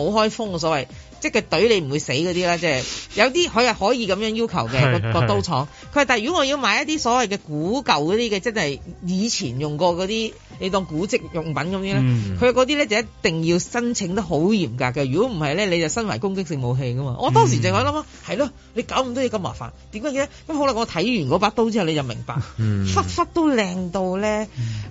冇開封嘅所謂，即係佢懟你唔會死嗰啲啦，即係有啲佢係可以咁樣要求嘅個 個刀廠。佢話，但係如果我要買一啲所謂嘅古舊嗰啲嘅，即係以前用過嗰啲，你當古蹟用品咁樣咧。佢嗰啲咧就一定要申請得好嚴格嘅。如果唔係咧，你就身為攻擊性武器㗎嘛。嗯、我當時就係諗啊，係、嗯、咯，你搞咁多嘢咁麻煩，點解嘅？咁好啦，我睇完嗰把刀之後，你就明白，忽忽都靚到咧，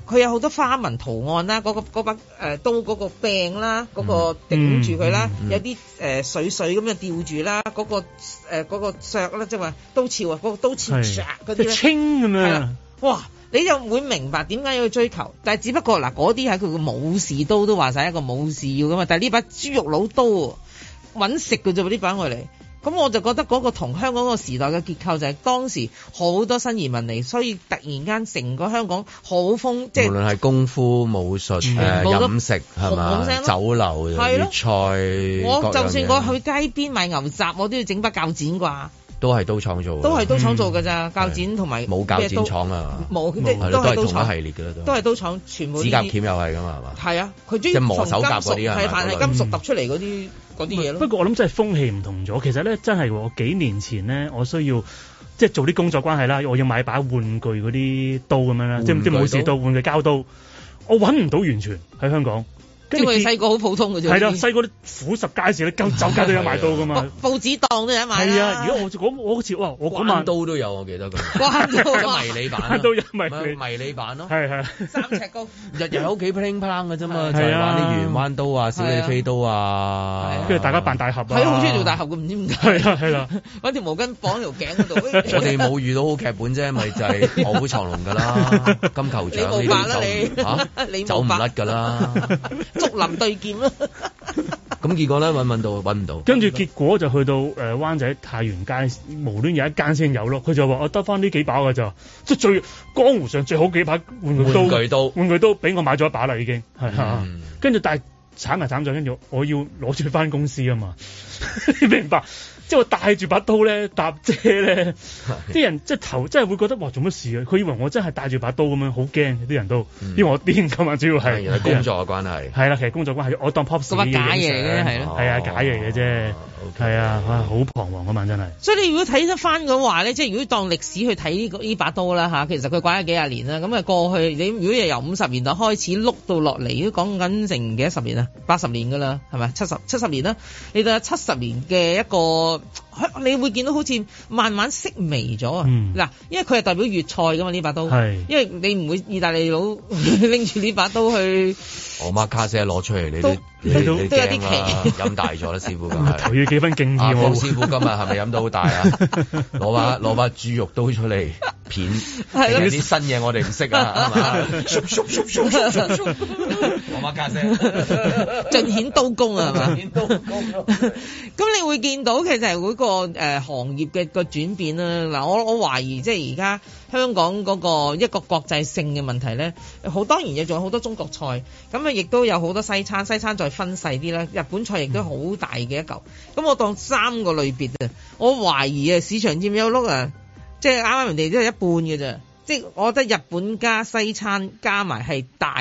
佢有好多花紋圖案啦、啊，嗰、那個、把誒、呃、刀嗰個柄啦，嗰、那個頂住。佢、嗯、啦、嗯，有啲誒、呃、水水咁就吊住啦，嗰、那個誒嗰、呃那個削啦，即係話刀鞘啊，嗰、那個刀鞘嗰啲清咁樣、啊，哇！你就會明白點解要去追求，但係只不過嗱，嗰啲係佢個武士刀都話晒一個武士要咁啊，但係呢把豬肉佬刀揾食嘅啫喎，呢把外嚟。咁我就覺得嗰個同香港個時代嘅結構就係當時好多新移民嚟，所以突然間成個香港好豐，即係無論係功夫武術、誒飲食係嘛、酒樓、粵菜，我就算我去街邊買牛雜，我都要整把鉸剪啩。都係刀廠做，都係刀廠做㗎咋。鉸、嗯、剪同埋冇鉸剪廠啊，冇都係同一系列㗎啦。都係刀廠，全部指甲鉗又係㗎嘛。係啊，佢磨手甲金屬係，但係金屬揼出嚟嗰啲嗰啲嘢咯。不過我諗真係風氣唔同咗，其實咧真係我幾年前咧，我需要即係、就是、做啲工作關係啦，我要買把玩具嗰啲刀咁樣啦。即即每次都換嘅膠刀，我揾唔到完全喺香港。因為我哋細個好普通嘅啫，係啦，細個啲苦十街市咧，走街都有買到噶嘛，報紙檔都有買到。如果我我我好似哇，我嗰晚刀都有我記得佢，刀，彎 刀有迷你版， 有迷你，迷你版咯，係，係三尺高。日日喺屋企 p l a 嘅啫嘛，就是、玩啲圓彎刀啊，小李飛刀啊，跟住、啊啊、大家扮大俠啊。係好中意做大俠嘅，唔知點解。係啊係啦，揾 條毛巾綁條頸嗰度。哎、 我哋冇遇到好劇本啫，咪就係臥虎藏龍嘅啦，金球獎你走唔甩嘅啦。竹 林對劍咯，咁結果咧，揾揾到，揾唔到。跟住結果就去到誒灣、呃、仔太原街，無端有一間先有咯。佢就話，我得翻呢幾把㗎，就，即係最江湖上最好幾把玩具刀，玩具刀，玩具刀俾我買咗一把啦，已經係吓。跟、嗯、住、啊、但係鏟埋鏟咗，跟住我要攞住去翻公司啊嘛， 明白？即係我帶住把刀咧搭車咧，啲人即係頭，即係會覺得哇做乜事啊？佢以為我真係帶住把刀咁樣，好驚啲人都，嗯、因為我癲咁啊！主要係，原來係工作嘅關係。係啦，其實工作關係，我當 pop star 嘅嘢係咯，係啊，假嘢嘅啫。哦係、okay。啊，哇，好彷徨嗰晚真係。所以你如果睇得翻嘅話咧，即係如果當歷史去睇呢，呢把刀啦吓，其實佢拐咗幾廿年啦。咁啊過去，你如果由五十年代開始碌到落嚟，都講緊成幾多十年啊？八十年噶啦，係咪？七十七十年啦，你有七十年嘅一個。你會見到好似慢慢式微咗啊！嗱、嗯，因為佢係代表粵菜噶嘛呢把刀，因為你唔會意大利佬拎住呢把刀去。我媽卡聲攞出嚟，你都，都你都驚、啊、奇飲大咗啦、啊，師傅咁。投 然是 幾分敬意喎， 啊、我師傅今日係咪飲到好大啊？攞把攞把豬肉刀出嚟 片，啲新嘢我哋唔識啊！我 孖對吧 卡聲，盡 顯刀功啊嘛！咁、啊、 你會見到其實嗰個。個誒行業嘅個轉變啦，嗱，我我懷疑即係而家香港嗰個一個國際性嘅問題咧，好當然有仲有好多中國菜，咁啊亦都有好多西餐，西餐再分細啲啦，日本菜亦都好大嘅一嚿，咁我當三個類別啊，我懷疑啊市場佔優碌啊，即係啱啱人哋都係一半嘅咋，即係我覺得日本加西餐加埋係大。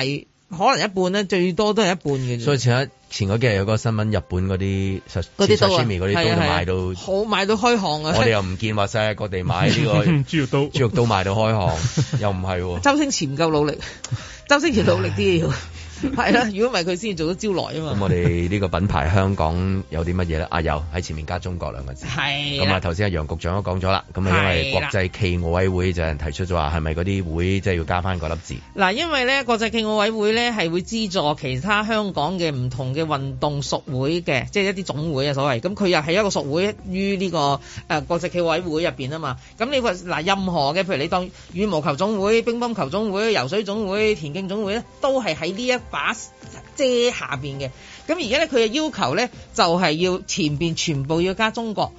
可能一半呢，最多都係一半嘅。所以前一前嗰幾日有個新聞，日本嗰啲實切實切咪嗰啲刀賣、啊、到好賣到開行啊！我哋又唔見話世界各地買呢個豬肉刀豬肉刀賣到開行， 又唔係喎。周星馳唔夠努力，周星馳努力啲 要。係 啦，如果唔係佢先至做到招來啊嘛。咁 我哋呢個品牌香港有啲乜嘢咧？阿友喺前面加中國兩個字。係。咁啊，頭先阿楊局長都講咗啦。咁啊，因為國際奧委會就係提出咗話，係咪嗰啲會即係要加翻嗰粒字？嗱，因為咧國際奧委會咧係會資助其他香港嘅唔同嘅運動屬會嘅，即係一啲總會啊所謂。咁佢又係一個屬會於呢個誒國際奧委會入邊啊嘛。咁你個嗱，任何嘅，譬如你當羽毛球總，球總會、乒乓球總會、游水總會、田徑總會咧，都係喺呢一把遮下邊嘅，咁而家咧佢嘅要求咧就係要前邊全部要加中國，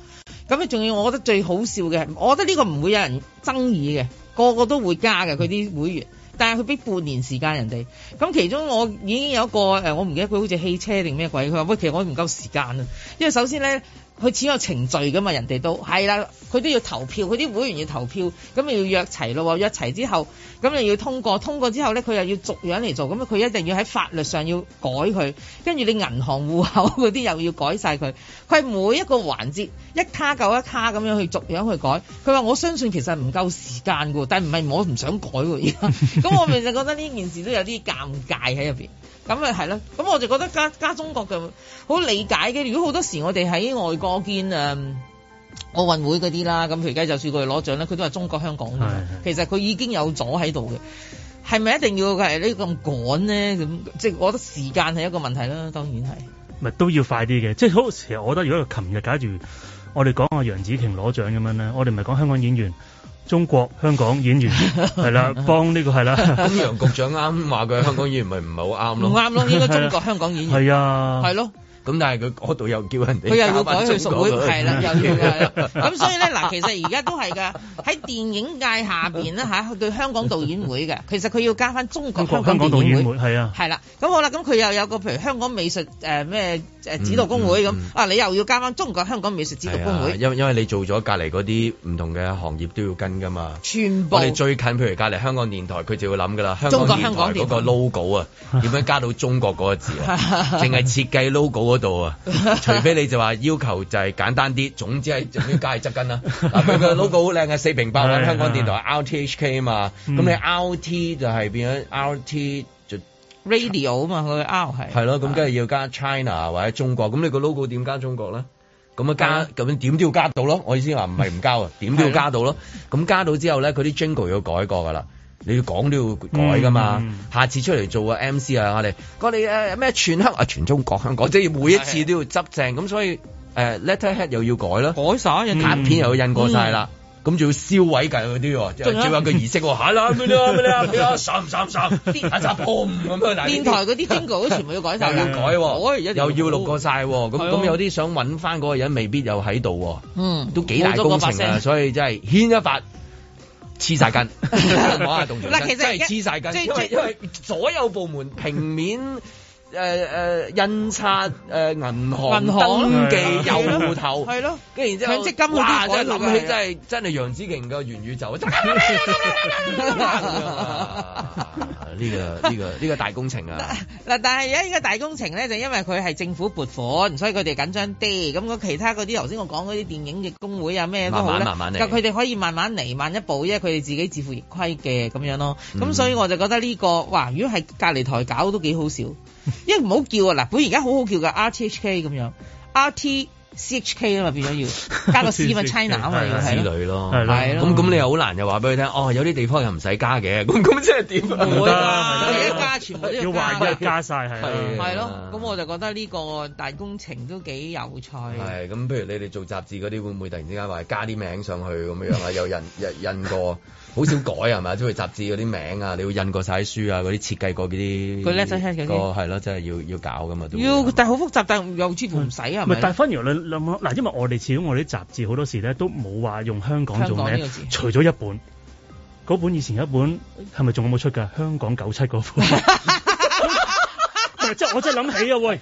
咁你仲要我覺得最好笑嘅，我覺得呢個唔會有人爭議嘅，個個都會加嘅佢啲會員，但係佢畀半年時間人哋，咁其中我已經有一個誒，我唔記得佢好似汽車定咩鬼，佢話喂，其實我唔夠時間啊，因為首先咧。佢只有程序噶嘛，人哋都係啦，佢都要投票，佢啲會員要投票，咁要約齊咯，約齊之後，咁你要通過，通過之後咧佢又要逐樣嚟做，咁佢一定要喺法律上要改佢，跟住你銀行戶口嗰啲又要改晒佢，佢係每一個環節。一卡夠一卡咁樣去逐樣去改，佢話我相信其實唔夠時間噶，但係唔係我唔想改喎。而家咁我咪就覺得呢件事都有啲尷尬喺入邊。咁咪係咯，咁我就覺得加加中國嘅好理解嘅。如果好多時我哋喺外國見誒奧運會嗰啲啦，咁譬如而家就算佢攞獎咧，佢都係中國香港嘅，是是是其實佢已經有咗喺度嘅，係咪一定要係呢咁趕咧？咁即係我覺得時間係一個問題啦，當然係咪都要快啲嘅。即係好，其實我覺得如果琴日假如。我哋講阿楊紫瓊攞獎咁樣咧，我哋唔係講香港演員，中國香港演員係啦，幫呢個係啦。咁楊局長啱話佢香港演員，咪唔係好啱咯？唔啱咯，應該中國 香港演員係啊，係咯。咁但係佢嗰度又叫人哋，佢又要改佢熟會，係 啦是的， 又要。啦。咁所以咧，嗱，其實而家都係㗎。喺電影界下邊咧嚇，啊、對香港導演會嘅，其實佢要加翻中國，中國香港導演會，係啊，係啦。咁好啦，咁佢又有個譬如香港美術誒咩誒指導公會咁、嗯嗯、啊，你又要加翻中國香港美術指導公會。因為因為你做咗隔離嗰啲唔同嘅行業都要跟㗎嘛，全部。我哋最近譬如隔離香港電台，佢就會諗㗎啦。香中國香港電台個 logo 啊，點、那、樣、個、 加到中國嗰個字啊，淨 係設計 logo 度啊，除非你就話要求就係簡單啲，總之係仲要加係執根啦。佢 個 logo 好靚嘅四平八穩， 香港電台 RTHK 啊嘛。咁、嗯、你 RT 就係變咗 RT 就 radio 啊嘛。佢 Out 係係咯，咁跟住要加 China 或者中國。咁你個 logo 點加中國咧？咁啊加咁樣點都要加到咯。我意思話唔係唔加，點 都要加到咯。咁加到之後咧，佢啲 jingle 要改過噶啦。你要講都要改噶嘛，嗯嗯，下次出嚟做個 M C 啊，我哋我哋咩串香？啊全中國香港，即係每一次都要執正，咁所以誒、呃、letterhead 又要改咯，改晒嘢，卡片又要印過晒啦，咁、嗯、仲要燒毀曬嗰啲，仲要有個儀式喎，嚇啦咩啦咩啦，散散散，一咁電電台嗰啲 logo 都全部要改曬，改、啊、改、哎、又要錄過晒咁咁有啲想揾翻嗰個人未必又喺度喎。都幾大工程啊，所以真係牽一發。黐晒筋，其實真係黐曬筋，即係因為因為所有部門平面。 誒、啊、誒、啊、印刷誒、啊、銀行銀行咯，係咯，跟住然之後養積金我就諗起真係、嗯、真係楊子晴嘅元宇宙，呢、嗯啊 這個呢、這個呢、這個大工程啊嗱，但係而家呢個大工程咧，就因為佢係政府撥款，所以佢哋緊張啲咁。其他嗰啲頭先我講嗰啲電影嘅工會啊，咩都好咧，慢慢慢慢就佢哋可以慢慢嚟，慢一步啫。因為佢哋自己自負盈虧嘅咁樣咯。咁、嗯、所以我就覺得呢、這個哇，如果係隔離台搞都幾好笑。 因為唔好叫啊，嗱，本而家好好叫噶 R T H K 咁樣，R T C H K 啦嘛，變咗要加個 C 嘛，China 嘛，要係咯。女咯，係咯，咁咁你又好難，又話俾佢聽，哦，有啲地方又唔使加嘅，咁咁即係點唔得？一、啊、加全部都要加要玩、啊，加晒係，係咯。咁我就覺得呢個大工程都幾有趣。係，咁譬如你哋做雜誌嗰啲，會唔會突然之間話加啲名上去咁樣啊？有人印印過？好 少改，係咪？即係雜誌嗰啲名啊，你要印過晒書啊，嗰啲設計過嗰啲，個係咯，真係要要搞㗎嘛，都是是要。但係好複雜，但又似乎唔使，係咪？但係反而你諗，嗱，因為我哋始終我哋啲雜誌好多時咧都冇話用香港做名，除咗一本，嗰本以前一本係咪仲有冇出㗎？香港九七嗰本。 即係我真係諗起啊喂，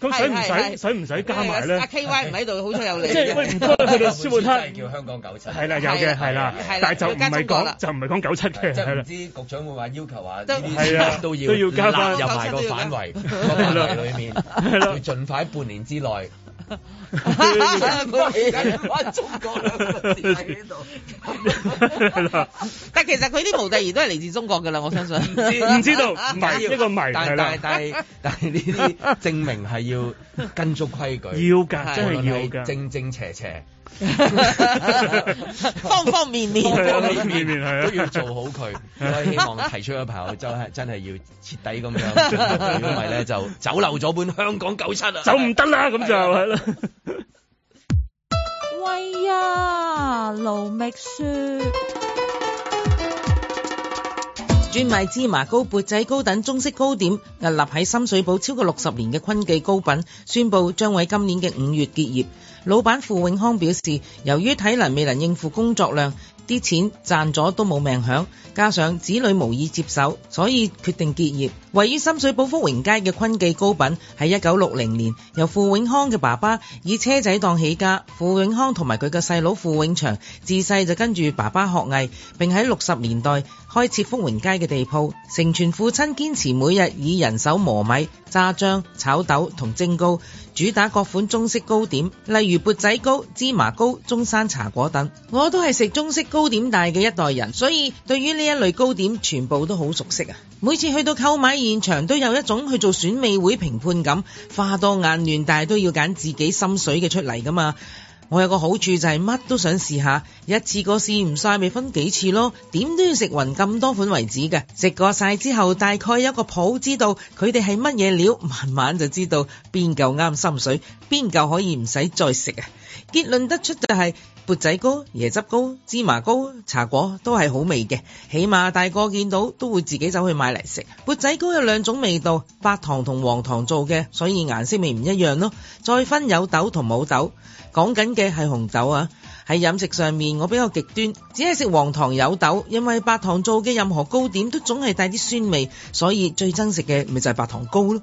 咁使唔使使唔使加埋咧？阿 KY 唔喺度，好彩有你。即係我哋唔該佢哋舒慕泰。叫香港九七係啦，有嘅係啦。係啦，但係就唔係講就唔係講九七嘅係啦。唔知局長會話要求話都要加到要，都要加翻入埋個範圍範圍裡面，要盡快喺半年之內。 中國喺度，但 其實佢啲模特兒都係嚟自中國噶啦，我相信。唔知道，唔緊要， 一個係迷 但係 但係 但係呢啲證明係要跟足規矩，要㗎，真係要㗎，正正邪邪， 方方面面，面面面係都要做好佢。所 以希望提出嘅朋友真係真係要徹底咁樣，因為咧就走漏咗本香港九七啊，走唔得啦咁就係啦。 喂呀，盧覓雪。專賣芝麻糕、砵仔糕等中式糕點，屹立喺深水埗超過六十年嘅坤記糕品，宣布將喺今年嘅五月結業。老闆傅永康表示，由於體能未能應付工作量。啲錢賺咗都冇命享，加上子女無意接手，所以決定結業。位於深水埗福榮街嘅坤記糕品，喺一九六零年由傅永康嘅爸爸以車仔檔起家。傅永康同埋佢嘅細佬傅永祥自細就跟住爸爸學藝，並喺六十年代開設福榮街嘅地鋪，承傳父親堅持每日以人手磨米、榨漿、炒豆同蒸糕。主打各款中式糕點，例如缽仔糕、芝麻糕、中山茶果等。我都係食中式糕點大嘅一代人，所以對於呢一類糕點全部都好熟悉啊！每次去到購買現場，都有一種去做選美會評判咁，花多眼亂，但係都要揀自己心水嘅出嚟噶嘛。我有個好處就係、是、乜都想試下，一次過試唔晒咪分幾次咯，點都要食匀咁多款為止嘅，食過晒之後大概有個譜知道佢哋係乜嘢料，慢慢就知道邊嚿啱心水，邊嚿可以唔使再食啊，結論得出就係。缽仔糕、椰汁糕、芝麻糕、茶果都係好味嘅，起碼大個見到都會自己走去買嚟食。缽仔糕有兩種味道，白糖同黃糖做嘅，所以顏色咪唔一樣咯。再分有豆同冇豆，講緊嘅係紅豆啊，喺飲食上面我比較極端，只係食黃糖有豆，因為白糖做嘅任何糕點都總係帶啲酸味，所以最憎食嘅咪就係白糖糕咯。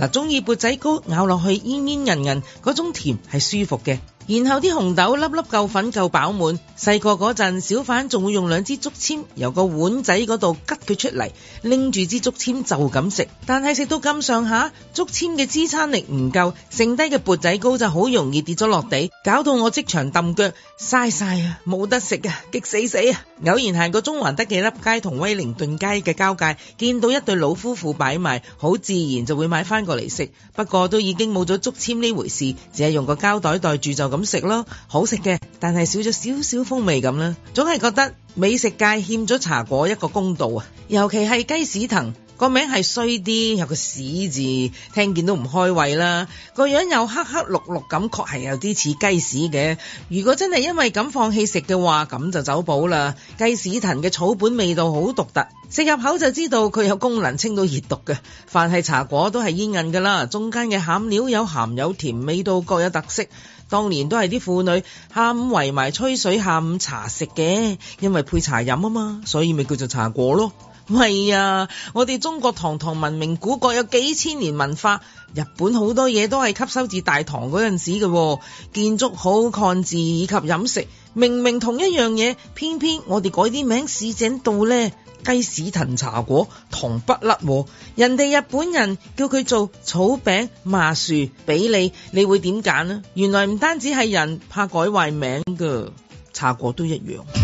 嗱，中意缽仔糕，咬落去煙煙韌韌，嗰種甜係舒服嘅。然後啲紅豆粒粒，粒夠粉夠飽滿。細個嗰陣，小販仲會用兩支竹簽由個碗仔嗰度吉佢出嚟，拎住支竹簽就咁食。但係食到咁上下，竹簽嘅支撐力唔夠，剩低嘅缽仔糕就好容易跌咗落地，搞到我即場抌腳，嘥晒啊，冇得食啊，激死死啊！偶然行過中環德己立街同威靈頓街嘅交界，見到一對老夫婦擺賣，好自然就會買翻過嚟食。不過都已經冇咗竹簽呢回事，只係用個膠袋袋住就。咁食咯，好食嘅，但係少咗少少風味咁啦。總係覺得美食界欠咗茶果一個公道啊。尤其係雞屎藤個名係衰啲，有個屎字，聽見都唔開胃啦。個樣又黑黑綠綠咁，確係有啲似雞屎嘅。如果真係因為咁放棄食嘅話，咁就走寶啦。雞屎藤嘅草本味道好獨特，食入口就知道佢有功能清到熱毒嘅。凡係茶果都係煙韌噶啦，中間嘅餡料有鹹有甜，味道各有特色。當年都係啲婦女下午圍埋吹水，下午茶食嘅，因為配茶飲啊嘛，所以咪叫做茶果咯。係啊，我哋中國堂堂文明古國，有幾千年文化。日本好多嘢都係吸收自大唐嗰陣時嘅，建築好漢字以及飲食，明明同一樣嘢，偏偏我哋改啲名市井道呢。雞屎藤茶果、糖不甩，人哋日本人叫佢做草餅麻薯，俾你，你會點揀呢？原來唔單止係人怕改壞名噶，茶果都一樣。